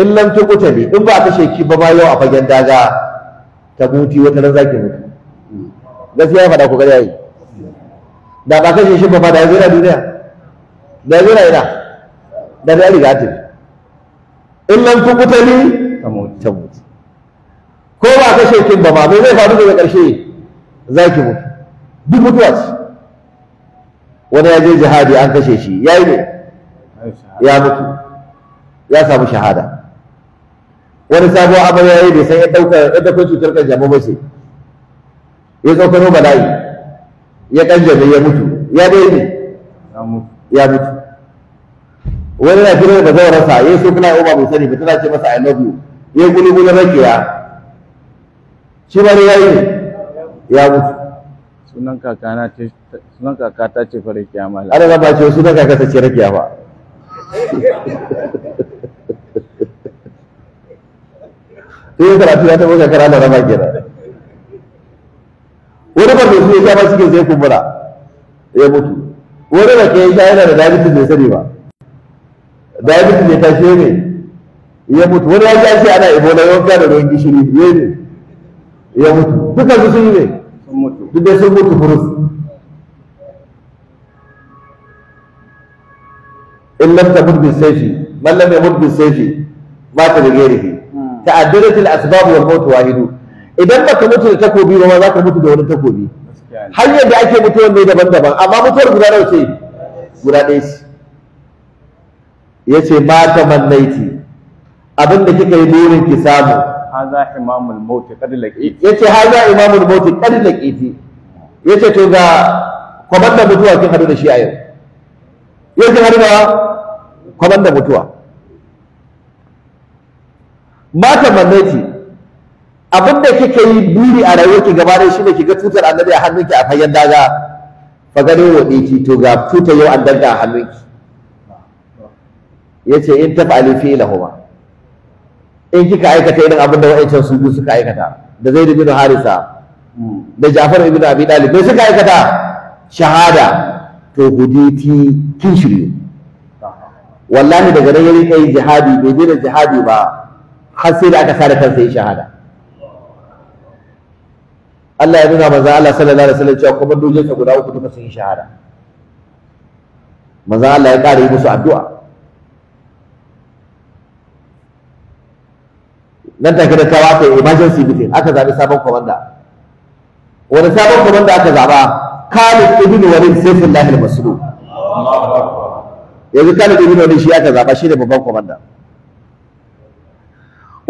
in lam tuquta bi in ba kashe sheki ba bayo yau a fagen daga ta muti wata ran zaki mutu gaskiya faɗa ko gari yayi da ba kashe sheki ba ba da yanzu duniya da zira ina da da riga ta in lam tuquta li ta muti ta muti ko ba kashe kin ba ba zai faru da ƙarshe zaki mutu duk mutuwa ce wani ya je jihadi an kashe shi ya yi ne ya mutu ya samu shahada wani sabo amarya ya bai san ya dauka yadda kun cutar kanjamau ba ce ya kano bala'i ya kanjame ya mutu ya dai ne ya mutu wani na firar da sa ya so kana umar bai sani ba ce masa i love you ya guli guli rakiya shi ma ya yi ne ya mutu sunan kakana ce sunan kakata ce fara kiyama ana ba ce sunan kakata ce rakiya ba sai karatu ya taɓa kakara da raba kenan wani ba su ya sha ba cikin sai kumbura ya mutu wani ba ke sha yana da diabetes bai sani ba diabetes ne tashe ne ya mutu wani ya sha shi ana ebola yawanka da ruwan gishiri ne ne ya mutu duka su sun yi ne duk da sun mutu furus in lam tamut bi sayfi man lam yamut bi sayfi mata da ghairihi ta'addadatul asbab wal maut wahidu idan baka mutu da takobi ba za ka mutu da wani takobi hanyar da ake mutu ne daban-daban amma mutuwar guda nawa ce guda ɗaya ce yace ma tamannaiti abin da kika yi burin ki samu haza imamul maut qad laqiti yace haza imamul maut qad laqiti yace to ga kwaban da mutuwa kin hadu da shi a yau yau hadu da kwaban da mutuwa mata mannati abin da kika yi buri a rayuwarki gaba shi ne kiga tutar annabi a hannunki a fayyan daga fa wadi ki, to ga tutar yau an danga a hannunki yace in fa'ali fi lahuma in kika aikata irin abin da wa'ancan su biyu suka aikata da Zaid bin Harisa da Ja'far ibn Abi Talib bai suka aikata shahada to huditi kin shirye wallahi daga nan yayi kai yin jihadi bai da jihadi ba har sai da aka sa da kansa yi shahada Allah ya nuna manzo Allah sallallahu alaihi wasallam cewa kuma dojinsa guda uku duka sun yi shahada manzo Allah ya ƙara yi musu addu'a nan take da tawa kai emergency meeting aka zabi sabon komanda wani sabon komanda aka zaba Khalid ibn Walid Saifullah al-Masrur yanzu Khalid ibn Walid shi aka zaba shi ne babban komanda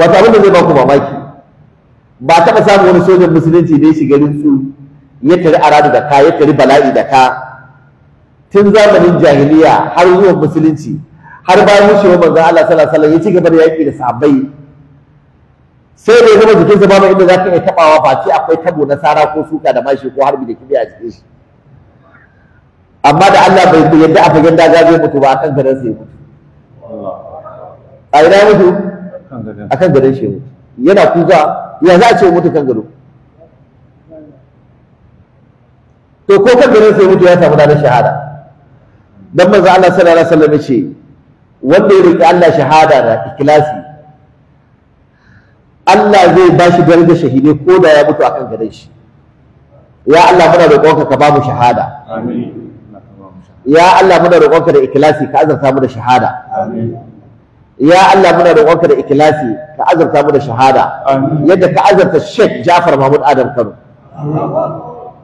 wata abin da zai ba ku mamaki ba taɓa samun wani sojan musulunci da ya shiga rintsu ya tari aradu da ka ya tari bala'i da ka tun zamanin jahiliya har zuwa musulunci har bayan wucewa manzon Allah sallallahu alaihi wasallam ya ci gaba da yaƙi da sahabbai sai da ya zama jikinsa babu inda za ka iya taɓawa face akwai tabo na sara ko suka da mashi ko harbi da kibi a cikin shi amma da Allah bai yadda a fagen daga zai mutu ba a kan garin sai mutu a ina mutu a kan gadon shehu yana kuka ya za a ce mutu kan gado to ko kan gadon sai mutu ya samu da shahada dan manzo Allah sallallahu alaihi wasallam yace wanda ya riƙe Allah shahada da ikilasi Allah zai ba shi darajar shahidai ko da ya mutu akan gadon shi ya Allah muna roƙonka ka ba mu shahada amin ya Allah muna roƙonka da ikilasi ka azurta mu da shahada amin ya Allah muna roƙonka da ikhlasi ka azurta mu da shahada yadda ka azurta Sheikh Jafar Mahmud Adam Kano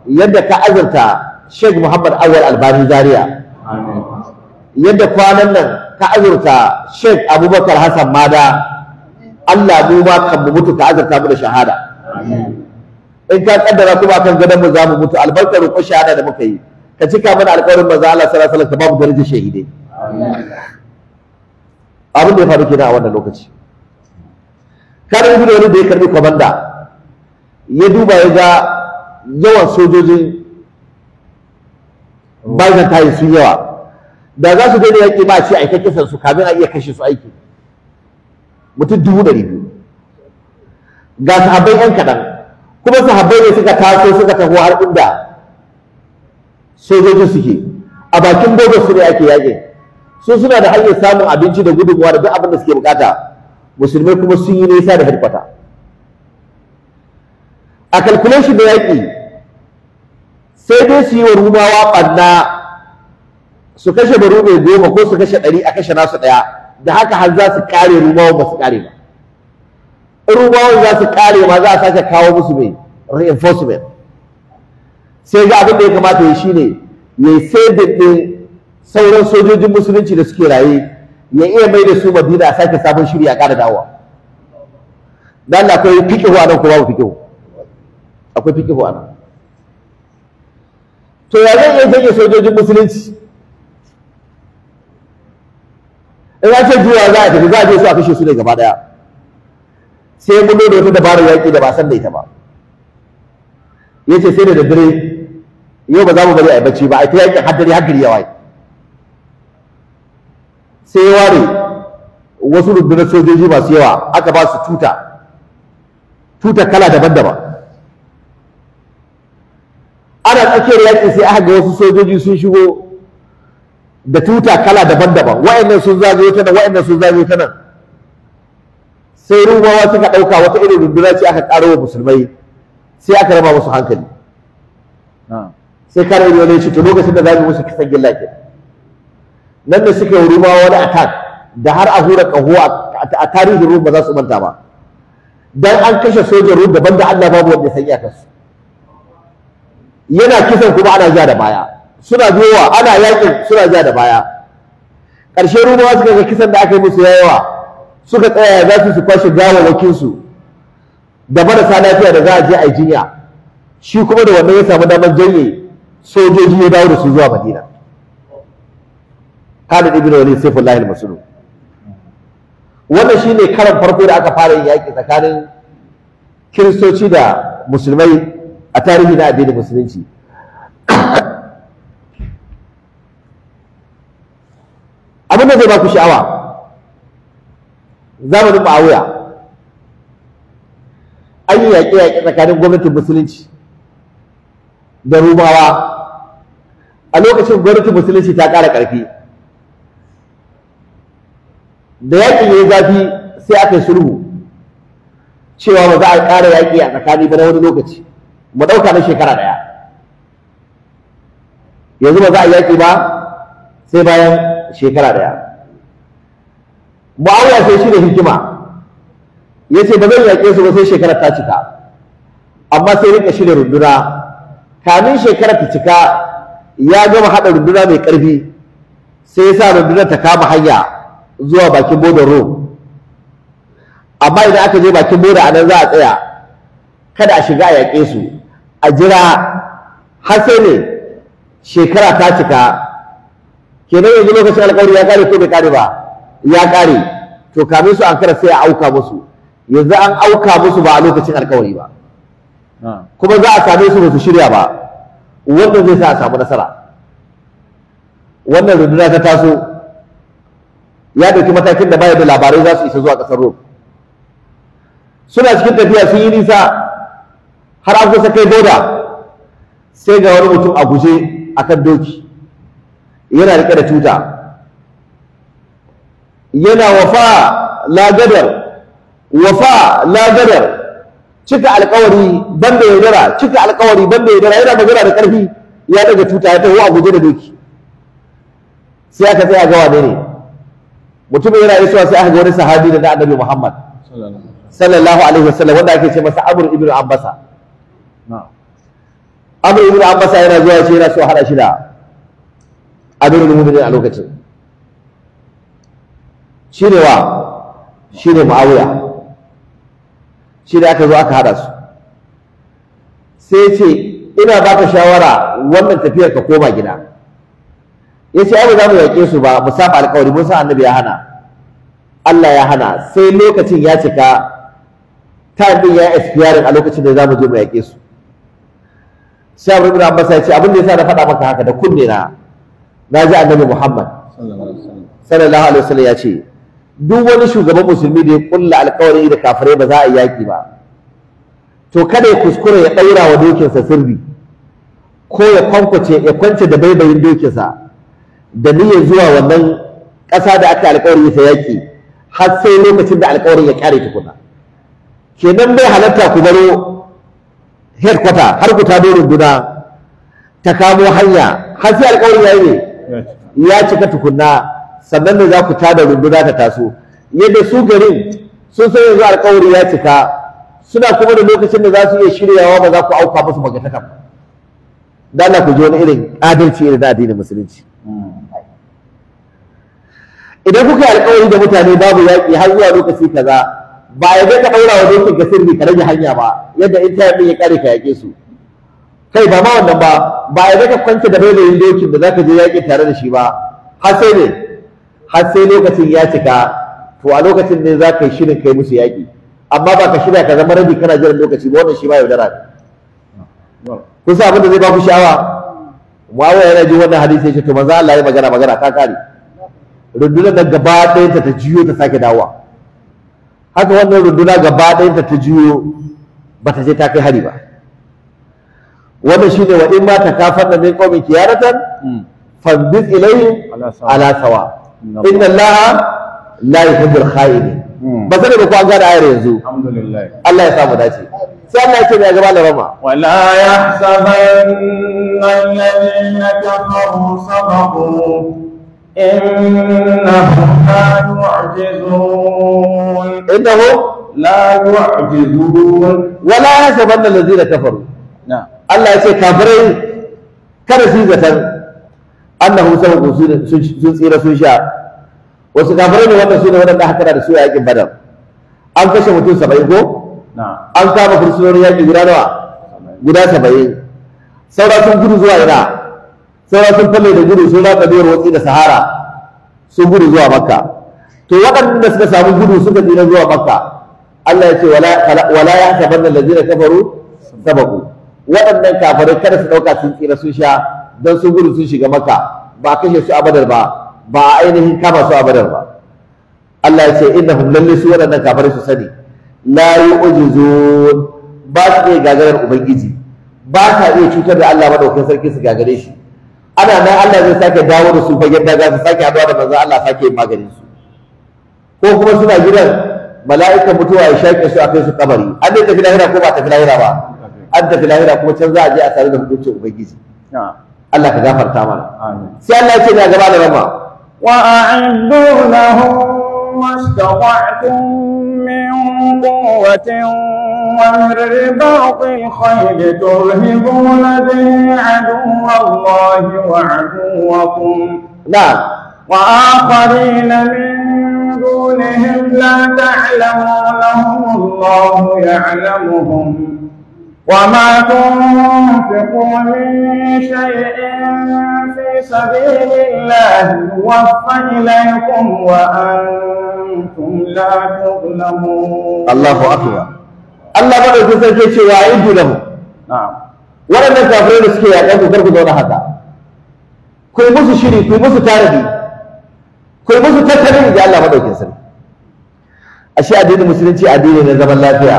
yadda ka azurta Sheikh Muhammad Awal Albani Zaria yadda kwanan nan ka azurta Sheikh Abubakar Hassan Mada Allah mu ma kan mu mutu ka azurta mu da shahada in ka kaddara kuma kan gadon mu za mu mutu albarkar roƙon shahada da muka yi ka cika mana alƙawarin manzo Allah sallallahu alaihi wasallam ka ba mu darajar shahidai abin da ya faru kenan a wannan lokaci kare gudu wani da ya karbi komanda ya duba ya ga yawan sojojin tayin sun yawa da za su daina yaƙi ba a ce kisan su kamin a iya kashe su aiki mutum dubu ɗari biyu ga sahabbai yan kaɗan kuma sahabbai ne suka taso suka taho har inda sojojin suke a bakin bogar su ne ake yaƙin su suna da hanyar samun abinci da gudunmuwa da duk abin da suke bukata musulmai kuma sun yi nisa da hirkwata a calculation da yaƙi sai dai su yi wa rumawa ɓanna su kashe baro mai goma ko su kashe ɗari a kashe nasu ɗaya da haka har za su kare rumawa ba su kare ba rumawa za su kare ma za a sake kawo musu mai reinforcement sai ga abin da ya kamata ya shine ya yi sai sauran sojojin musulunci da suke raye ya iya mai da su madina a sake sabon shiri a ƙara dawowa da Allah akwai fikihu a nan ko babu fikihu akwai fikihu a nan to ya zai iya janye sojojin musulunci in za ce juwa za a tafi za a je su a kashe su ne gaba daya sai mun da wata dabarar yaƙi da ba san da ita ba ya ce sai da daddare yau ba za mu bari a yi bacci ba a ta yaƙin haddare haddare yawai. sai ya ware wasu rundunar sojoji masu yawa aka ba su tuta tuta kala daban-daban ana tsakiyar yaƙi sai aka ga wasu sojoji sun shigo da tuta kala daban-daban wa'annan sun zagaye ta nan wa'annan sun zagaye ta nan sai rumawa suka ɗauka wata irin rundunar ce aka ƙaro wa musulmai sai aka raba musu hankali sai kare ne wani shi to lokacin da za mu musu kisan gilla nan da suka yi rumawa wani attack da har a hura kaho a tarihin rum ba za su manta ba dan an kashe sojan rum daban da Allah babu wanda ya kasu yana kisan kuma ana ja da baya suna biyowa ana yakin suna ja da baya ƙarshe rumawa suka ga kisan da aka yi musu yawa suka tsaya za su su kwashe gawawakin su da marasa lafiya da za a je a yi jinya shi kuma da wannan ya samu damar janye sojoji ya dawo da su zuwa Madina Khalid ibn Walid Saifullah al masrur wannan shine karan farko da aka fara yaki tsakanin kiristoci da musulmai a tarihi na addinin musulunci abin da zai ba ku sha'awa duba ma'awuya an yi yaƙe-yaƙe tsakanin gwamnatin musulunci da rumawa a lokacin gwamnatin musulunci ta ƙara ƙarfi da yakin ya zafi sai aka yi sulhu cewa ba za a ƙara yaƙi a tsakani ba na wani lokaci mu ɗauka na shekara ɗaya yanzu ba za a yaƙi ba sai bayan shekara ɗaya mu'awiya sai shi da hikima ya ce ba zan yaƙe su ba sai shekarar ta cika amma sai rika shi da runduna kamin shekarar ta cika ya gama haɗa runduna mai ƙarfi sai ya sa runduna ta kama hanya zuwa bakin bodar ro amma idan aka je bakin boda a nan za a tsaya kada a shiga a yaƙe su a jira har sai ne shekara ta cika kenan yanzu lokacin alƙawari ya kare ko bai kare ba ya kare to kamin su an kara sai a auka musu yanzu an auka musu ba a lokacin alƙawari ba kuma za a same su ba su shirya ba wannan zai sa a samu nasara wannan runduna ta taso ya dauki matakin da baya da labarai za su isa zuwa kasar Rome suna cikin tafiya sun yi nisa har an kusa kai boda sai ga wani mutum a guje a kan doki yana rike da tuta yana wafa lagadar wafa lagadar cika alkawari banda dara. cika alkawari banda dara. yana magana da karfi ya daga tuta ya taho a guje da doki sai aka tsaya ga wane ne mutumin yana rasuwa sai aka ga wani sahabi da annabi Muhammad sallallahu alaihi wasallam wanda ake ce masa Abu ibn Abbasa Abu ibn Abbasa yana zuwa ce yana so hada shi da Amirul Mu'minin a lokacin shine wa shine Muawiya shine aka zo aka hada su sai ce ina baka shawara wannan tafiyar ka koma gida ya ce ai ba za mu yaƙe su ba mu saba alƙawari mun san annabi ya hana Allah ya hana sai lokacin ya cika time din ya expiring a lokacin da za mu je mu yaƙe su sai Abu Ibn ambasa ya ce abin da sa na faɗa maka haka da kunne na na ji annabi Muhammad sallallahu alaihi wasallam ya ce duk wani shugaban musulmi da ya kulla alƙawari da kafirai ba za a yi yaƙi ba to kada ya kuskura ya ɗaura wa dokinsa sirri ko ya kwankwace ya kwance da baibayin dokinsa da niyyar zuwa wannan ƙasa da aka alƙawari ya yaƙi har sai lokacin da alƙawarin ya ƙare tukuna kenan bai halatta ku baro headquarter har ku ta dorin runduna ta kamo hanya har sai alƙawarin ya yi ne ya cika tukunna sannan ne za ku tada runduna ta taso yadda su garin sun san yanzu alƙawari ya cika suna kuma da lokacin da za su iya shiryawa ba za ku auka musu magatakan da Allah ku ji wani irin adalci irin na addinin musulunci. idan kuka yi alƙawari da mutane babu yaƙi har zuwa lokaci kaza ba ya ga ka ɗaura wa dokin ka sirri ka rage hanya ba yadda in tayi ya kare ka yaƙe su kai ba ma wannan ba ba ya ga ka kwance da bai dokin da zaka je yaƙi tare da shi ba har sai ne har sai lokacin ya cika to a lokacin ne za ka yi shirin kai musu yaƙi amma ba ka shirya ka zama rabi kana jiran lokaci ba wannan shi ba yaudara ne kun san abin da zai ba ku sha'awa muawiya yana ji wannan hadisi ya ce to manzo Allah ya magana magana ta kare rundunar da gaba ɗayanta ta jiyo ta sake dawowa haka wannan runduna gaba ɗayanta ta jiyo ba ta je ta kai hari ba wannan shine wa in ma ta kafar da ne qaumin kiyaratan hmm. fadbit ilai ala sawa inna allaha la yuhibbul kha'inin hmm. ba sai da ku an gane ayar yanzu alhamdulillah Allah ya samu dace sai Allah ya ce ya gaba larama wala yahsabanna alladhina kafaru sabaqu إنهم لا يعجزون إنهم لا يعجزون ولا يحسبن الذين كفروا نعم الله يسي كافرين كرسيزة أنهم سبقوا سنسير سنشاء wasu kafirai ne wannan su ne waɗanda aka kara da su a yakin badar an kashe mutum saba'in ko an kama fursunonin yaƙi guda nawa guda saba'in saura sun gudu zuwa ina sai sun falle da gudu sun raka biyar watsi da sahara sun gudu zuwa makka to waɗanda suka samu gudu suka tsira zuwa makka Allah ya ce wala ya da allazina kafaru sabaku waɗannan kafirai kada su ɗauka sun tsira sun sha don sun gudu sun shiga makka ba a kashe su abadar ba ba a ainihin kama su abadar ba Allah ya ce innahum lalle su waɗannan kafirai su sani la yu'jizun ba su iya gagarar ubangiji ba ta iya cutar da Allah madaukakin sarki su gagare shi ana nan Allah zai sake dawo da su fagen daga su sake haɗuwa da manzon Allah sake yin maganin su ko kuma suna gidan mala'ikan mutuwa ya shaƙe su a kai su kabari an dai tafi lahira ko ba tafi lahira ba an tafi lahira kuma can za a je a tare da hukuncin ubangiji Allah ka gafarta mana sai Allah ya ce ga gaba da rama wa lahum عدو الله وعدوكم نعم وآخرين من دونهم لا تعلمونهم الله يعلمهم وما تنفقوا من شيء في سبيل الله يوفى إليكم وأنتم لا تظلمون الله أكبر الله بدأ يقول لهم نعم waɗannan kafirai da suke yaƙan ku karku zauna haka ku yi musu shiri ku yi musu tarihi ku yi musu tattalin da Allah madaukin sarki shi addinin musulunci addini na zaman lafiya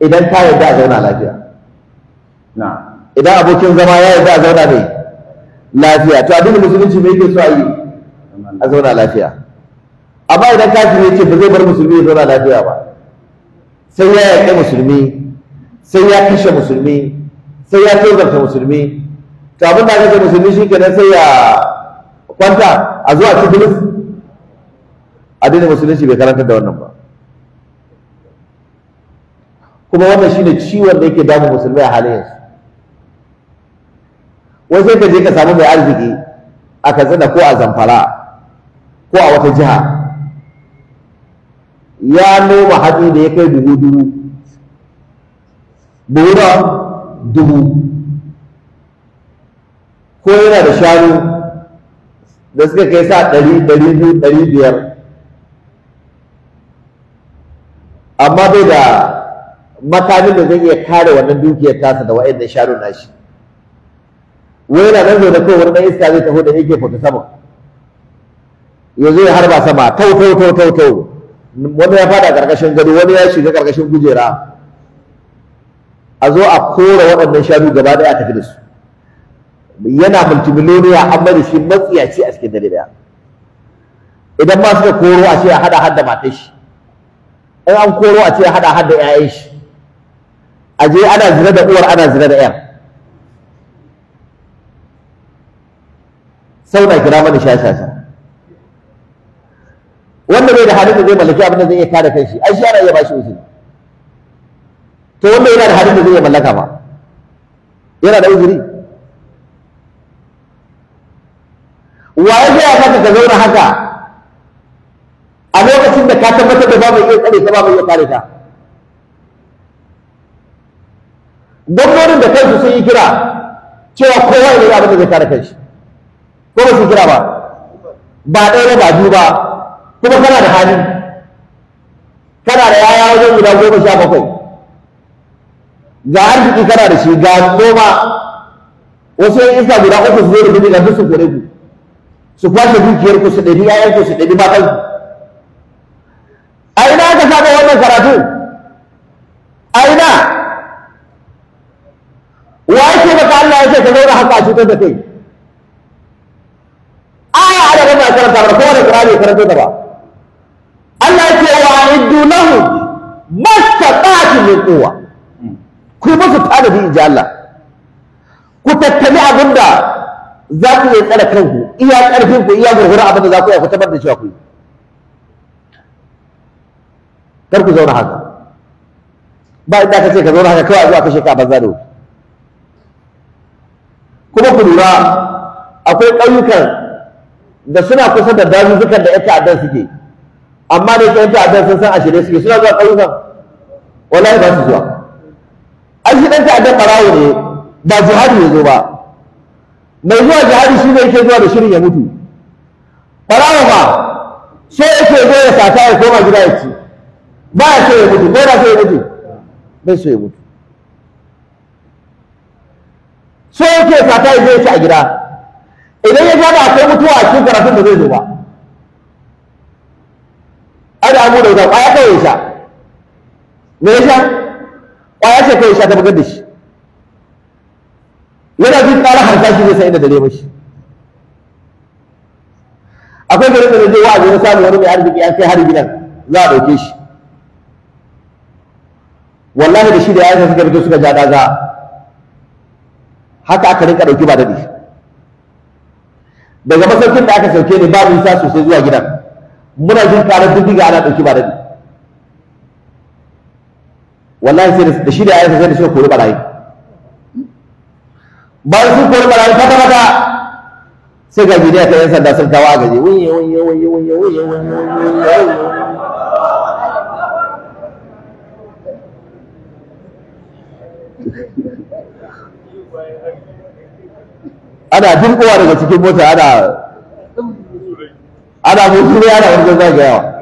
idan ta yarda a zauna lafiya idan abokin zama ya yarda a zauna ne lafiya to addinin musulunci me yake so a yi a zauna lafiya amma idan kafin ya ce ba zai bar musulmi ya zauna lafiya ba sai ya yaƙi musulmi sai ya kashe musulmi sai ya tozarta musulmi to abin da kashe musulmi shi kenan sai ya kwanta a zuwa cibilis addinin musulunci bai karanta da wannan ba kuma wannan shine ciwon da yake damun musulmi a halin yanzu wai sai ka je ka samu mai arziki a katsina ko a zamfara ko a wata jiha ya noma hatsi da ya kai dubu dubu bura dubu ko yana da shanu da suka kai sa ɗari ɗari biyu ɗari biyar amma bai da makamin da zai iya kare wannan dukiyar tasa da wa'annan shanu nashi wai yana nan zaune kawai wani iska zai taho da yake fata sama yanzu ya harba sama tau tau tau tau wani ya fada ƙarƙashin gado wani ya shiga ƙarƙashin kujera a zo a kora waɗannan shanu gaba ɗaya a tafi da su yana multimiloniya an mai da shi matsiyaci a cikin dare ɗaya. idan ma suka koro a ce a haɗa hada matar shi in an koro a ce a haɗa hada ƴaƴan shi a je ana zina da uwar ana zina da ƴan sau na kira mana shashasha wanda bai da halin da zai mallaki abin da zai iya kare kanshi ai shi ana iya bashi uzuri to wanda yana da halin da zai mallaka ba yana da uzuri wa ya gaya maka ka zauna haka a lokacin da ka tabbatar da babu iya tsare ta babu iya tsare ta gwamnonin da kansu sun yi kira cewa kowa ya bata abin da zai kare kanshi ko ba su kira ba ba ɗaya ba biyu ba kuma kana da hali kana da yaya wajen guda goma sha bakwai ga arziki kana da shi ga noma wasu yan isa guda uku su zo da dubi ga su kore ku su kwashe dukiyar ku su ɗabi ya ku su ɗabi bakan ku a ina aka saba wannan karatu a ina wa yake baka Allah ya ce ka zauna haka a cutar da kai aya ana mai karanta ba kowa da Qur'ani ya karanta da ba Allah ya ce wa iddu lahu mastata'tu min quwwah ku yi musu tanadi in ji Allah ku tattali abin da za ku iya tsare kanku iya ƙarfin ku iya gurgurar abin da za ku iya fitar da cewa ku yi kar ku zauna haka ba inda ka ce ka zauna haka kawai a zuwa kashe ka banza da kuma ku lura akwai ƙauyukan da suna kusa da dazuzzukan da 'yan ta'addan suke amma da 'yan ta'addan sun san a ashirin suke suna zuwa ƙauyukan wallahi ba su zuwa shi dan ta'adda ɓarawo ne ba jihadi ya zo ba mai zuwa jihadi shi ne yake zuwa da shirin ya mutu ɓarawo ba so yake zo ya sata ya koma gida ya ci ba ya so ya mutu ko da so ya mutu bai so ya mutu so yake sata ya zo ya ci a gida idan ya gaba akwai mutuwa a cikin karatun da zai zo ba ada abu da wuta ba ya kawai sha me ya sha ƙwaya ce kai sha ta bugar da shi yana jin ƙara shi zai san inda dare mashi akwai garin da zai wa'azi na samun wani mai arziki an kai hari gidan za a dauke shi wallahi da shi da yayin suka fito suka ja daga haka aka rinka ɗauki ba daɗi daga masaukin da aka sauke ne babu isa sosai zuwa gidan muna jin duk diga ana ɗauki ba daɗi wallahi sai da shi da ya yi sai da shi kori barayi ba su kori barayi fata fata sai ga gidiya ta yan sanda sun tawa a gaje wunye wunye wunye wunye wunye wunye wunye ana dinkowa daga cikin mota ana ana mutu ana wani yawa.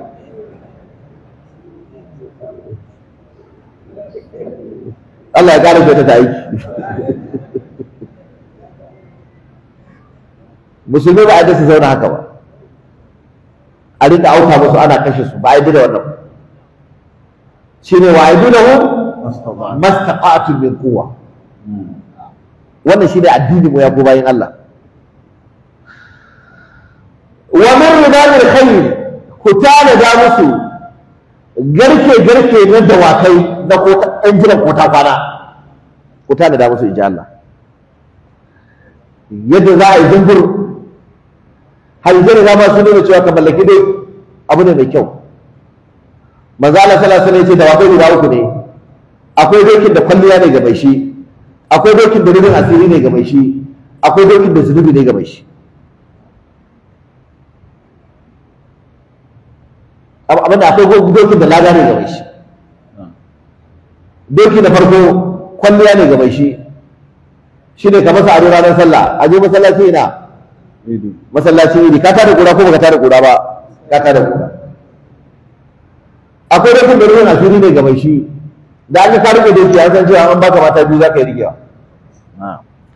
Allah ya ƙara kyauta ta aiki musulmi ba a dasa zauna haka ba a rinka auka musu ana kashe su ba a yi da wannan shi ne wa aidu lahu mastaqatun min quwwa wannan shi ne addini mu ya ko bayan Allah wa man yunadil khair ku tana da musu garke-garke na dawakai na ɗan jiran kota kwana ku tana da musu inji Allah yadda za a yi zumbur hajjiyar zama sun nuna cewa ka mallaki dai abu ne mai kyau manzo Allah sallallahu alaihi wasallam ya ce dawakai guda uku ne akwai dokin da kwalliya ne ga mai shi akwai dokin da rubin asiri ne ga mai shi akwai dokin da zunubi ne ga mai shi abin da akwai dokin da lada ne gaban shi doki da farko kwalliya ne gaban shi shi ne ka masa ado ranar sallah a je masallaci ina masallaci idi ka tada kura ko baka tada kura ba ka tada kura akwai dokin da ruwan asiri ne gaban shi da an yi ka rike doki an san cewa an baka mata biyu za ka yi rikewa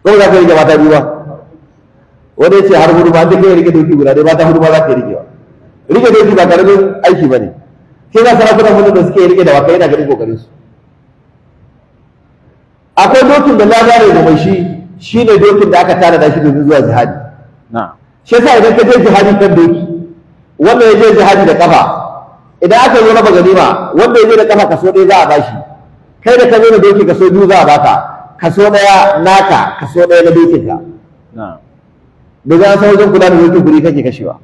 ko za ka yi mata biyu ba wani ya ce har hudu ba duk kai rike doki guda dai mata hudu ba za ka yi rikewa rike doki ba da aiki ba ne sai za sarakuna da da suke rike da waka yana ganin kokarin su akwai dokin da na gane da mai shi shi ne dokin da aka tara da shi domin zuwa jihadi shi yasa idan ka je jihadi kan doki wanda ya je jihadi da kafa idan aka yi raba ganima wanda ya je da kafa kaso ɗaya za a bashi kai da ka zo da doki kaso biyu za a baka kaso ɗaya naka kaso ɗaya na ka. da za a sa wajen kula da dokin kuɗi kake kashewa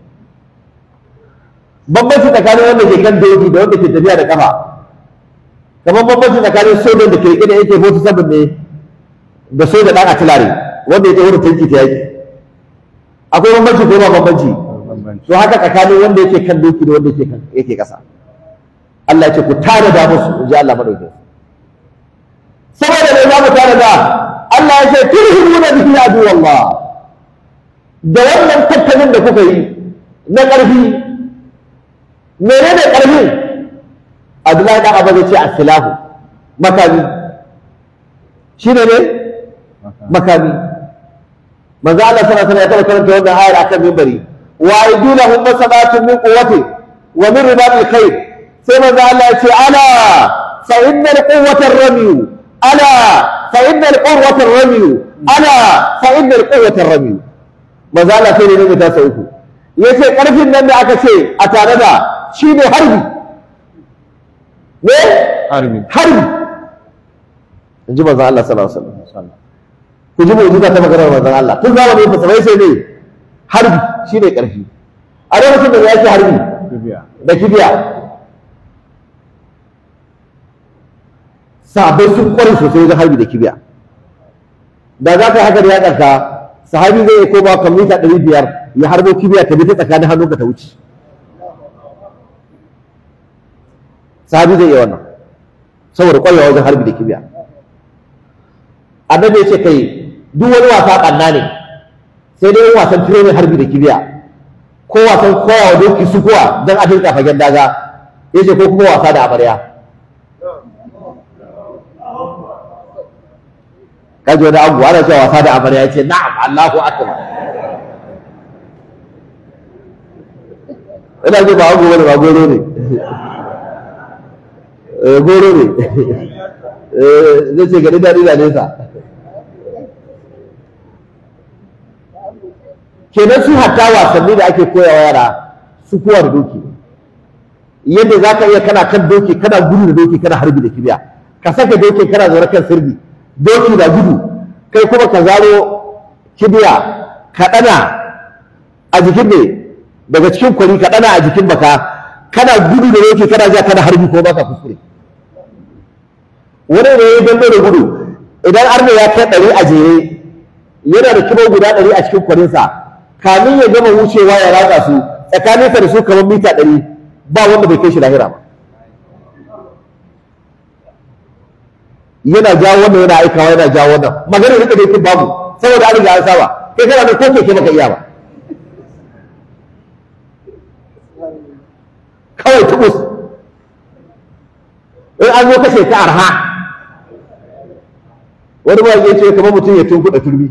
bambanci tsakanin wanda ke kan doki da wanda ke tafiya da kafa kamar bambanci tsakanin sojan da ke rike da yake hotu sabin ne da soja dan atilare wanda ya wurin tanki ta yaki akwai bambanci ko ba bambanci to haka tsakanin wanda yake kan doki da wanda yake kasa Allah ya ce ku tare da musu in ji Allah madaukakin saboda me za mu tare da Allah ya ce turhibuna bihi aduwallah da wannan tattalin da kuka yi na ƙarfi Mene ne ƙarfi abdullahi dan abba zai ce a silahu makami shi ne ne makami manzo Allah sallallahu alaihi wasallam ya taɓa karanta wannan ayar akan minbari wa yadunahum masabatun min quwwati wa min ribabil khair sai manzo Allah ya ce ala fa innal quwwata ar-ramy ala fa innal quwwata ar-ramy ala fa innal quwwata ar-ramy manzo Allah sai ne ne ta sai uku ya ce ƙarfin nan da aka ce a tare da shi ne harbi ne harbi harbi in ji manzan Allah sallallahu alaihi wasallam ku ji mu'jiza ta maganar manzan Allah tun zamanin ba sabai sai ne harbi shi ne ƙarfi a mutum da ya ce harbi da kibiya sabai sun kwari sosai wajen harbi da kibiya da za ka yi haka da yaƙarka sahabi zai yi koma kwamita ɗari biyar ya harbo kibiya ta bi ta tsakanin ka ta wuce sabi zai iya wannan saboda kwarewa wajen harbi da kibiya annabi ya ce kai duk wani wasa kanna ne sai dai wasan mai harbi da kibiya ko wasan kowa wa doki sukuwa don a dinka fagen daga ya ce ko kuma wasa da amarya kaji wani abu ana cewa wasa da amarya ya ce na'am allahu akbar ina ce ba hagu bane ba goro ne eh, goro ne eh, zai ce gari daɗi da nesa kenan su hatta wasanni da ake koyawa yara su kowa da doki yadda za ka iya kana kan doki kana gudu da doki kana harbi da kibiya ka saka doki kana zaune kan sirbi doki da gudu kai kuma ka zaro kibiya ka ɗana a jikin ne daga cikin kwari ka ɗana a jikin baka kana gudu da yake kana ja kana harbi ko baka kuskure wani ne ya dambe da gudu idan arna ya kai ɗari a jere yana da kilo guda ɗari a cikin kwarinsa kamin ya gama wucewa ya ratsa su tsakaninsa da su kamar mita ɗari ba wanda bai kai shi lahira ba yana jawo wannan yana aikawa yana jawo wannan maganar rika da yake babu saboda an riga an saba kai kana da ko keke maka iya ba kawai tubus in an zo kashe ta arha wani ba ya ce kama mutum ya tunkuɗa turmi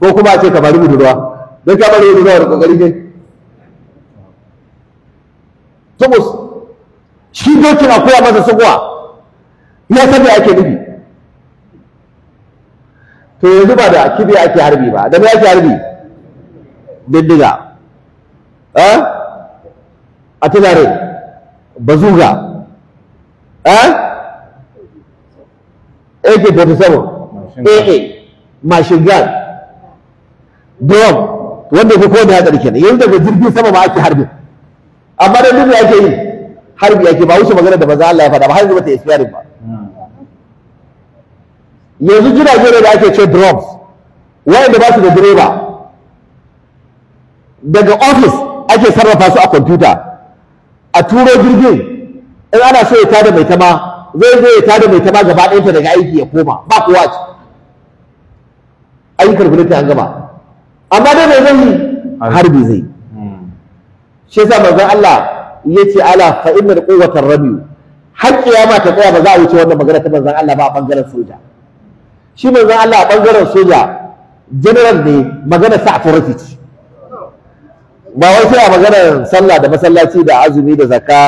ko kuma a ce ka bari budurwa don ka bari budurwa da kokari ne tubus shi doki a koya masa sukuwa ya san ake nubi to yanzu ba da kibiya ake harbi ba da me ake harbi bindiga eh A tilare bazuga eh AK-47 AA machine gun drone wanda ke kowane hatsari kenan yanzu daga jirgin sama ba ake harbi. amma da duk ake yi harbi ake ba wuce magana da maza Allah ya faɗa ba har yanzu bata expire ba yanzu jirage ne da ake ce drones wa'anda ba su da direba daga office ake sarrafa su a kwamfuta a turo jirgin in ana so ya tada mai tama zai zo ya tada mai tama gaba ɗayanta daga aiki ya koma ba kowa ce ayyukan kulita an gaba amma dai mai zai yi harbi zai shi yasa manzon Allah ya ce ala fa inna quwwatar rabi har kiyama ta tsaya ba za a wuce wannan magana ta manzon Allah ba a bangaren soja shi manzon Allah a bangaren soja general ne magana sa authority ba wai sai a maganar sallah da masallaci da azumi da zakka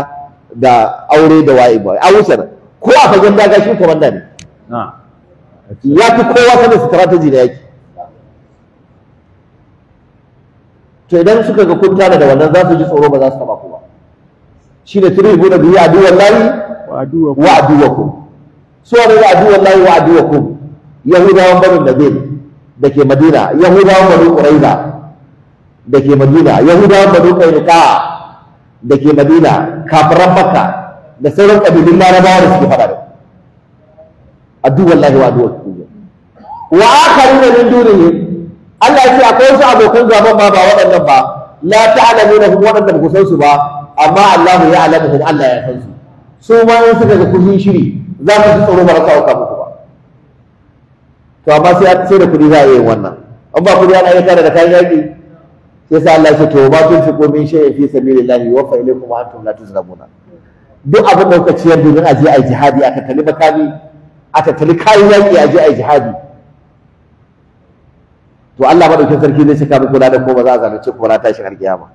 da aure da wa'i ba a wuce ko a fagen daga shi komanda ne ya fi kowa sanin strategy da yake to idan suka ga kun tana da wannan za su ji tsoro ba za su taba shi ba shine ibu da a duwar layi wa adu wa Su wani ne a duwar layi wa a wa kum yahudawan barin da zai da ke madina yahudawan barin quraiza da ke madina yahudawan banu ka da ke madina kafiran makka da sauran kabilun larabawa da suke faɗa da addu wallahi wa addu wa akharuna min ne Allah ya ce akwai wasu abokan gaban ma ba waɗannan ba la na kuma waɗannan ku san su ba amma Allah ya alamu Allah ya san su su ma in suka ga kuzin shiri za ku ji tsoro ba za ku muku ba to amma sai a da kuɗi za a yi wannan an ba kuɗi ana yi tare da kayan yaƙi yasa Allah ya to ma ko min shay'in fi sabilillahi wa fa ilaykum wa antum la tuzlamuna duk abin da kuka ciyar domin aje ai jihadi aka tali makami aka tali kayan yaki aje ai jihadi to Allah dauke sarki zai cika muku da ko ba za a zalunce ko na tashin kiyama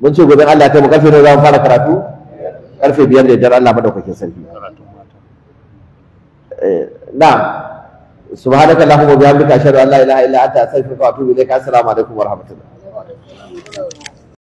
mun ce gobe Allah ta mu karfe ne za mu fara karatu karfe biyar da dare Allah dauke sarki eh, na'am subhanaka allahumma wa bihamdika ashhadu an la ilaha illa anta astaghfiruka wa atubu ilaik assalamu alaikum wa rahmatullah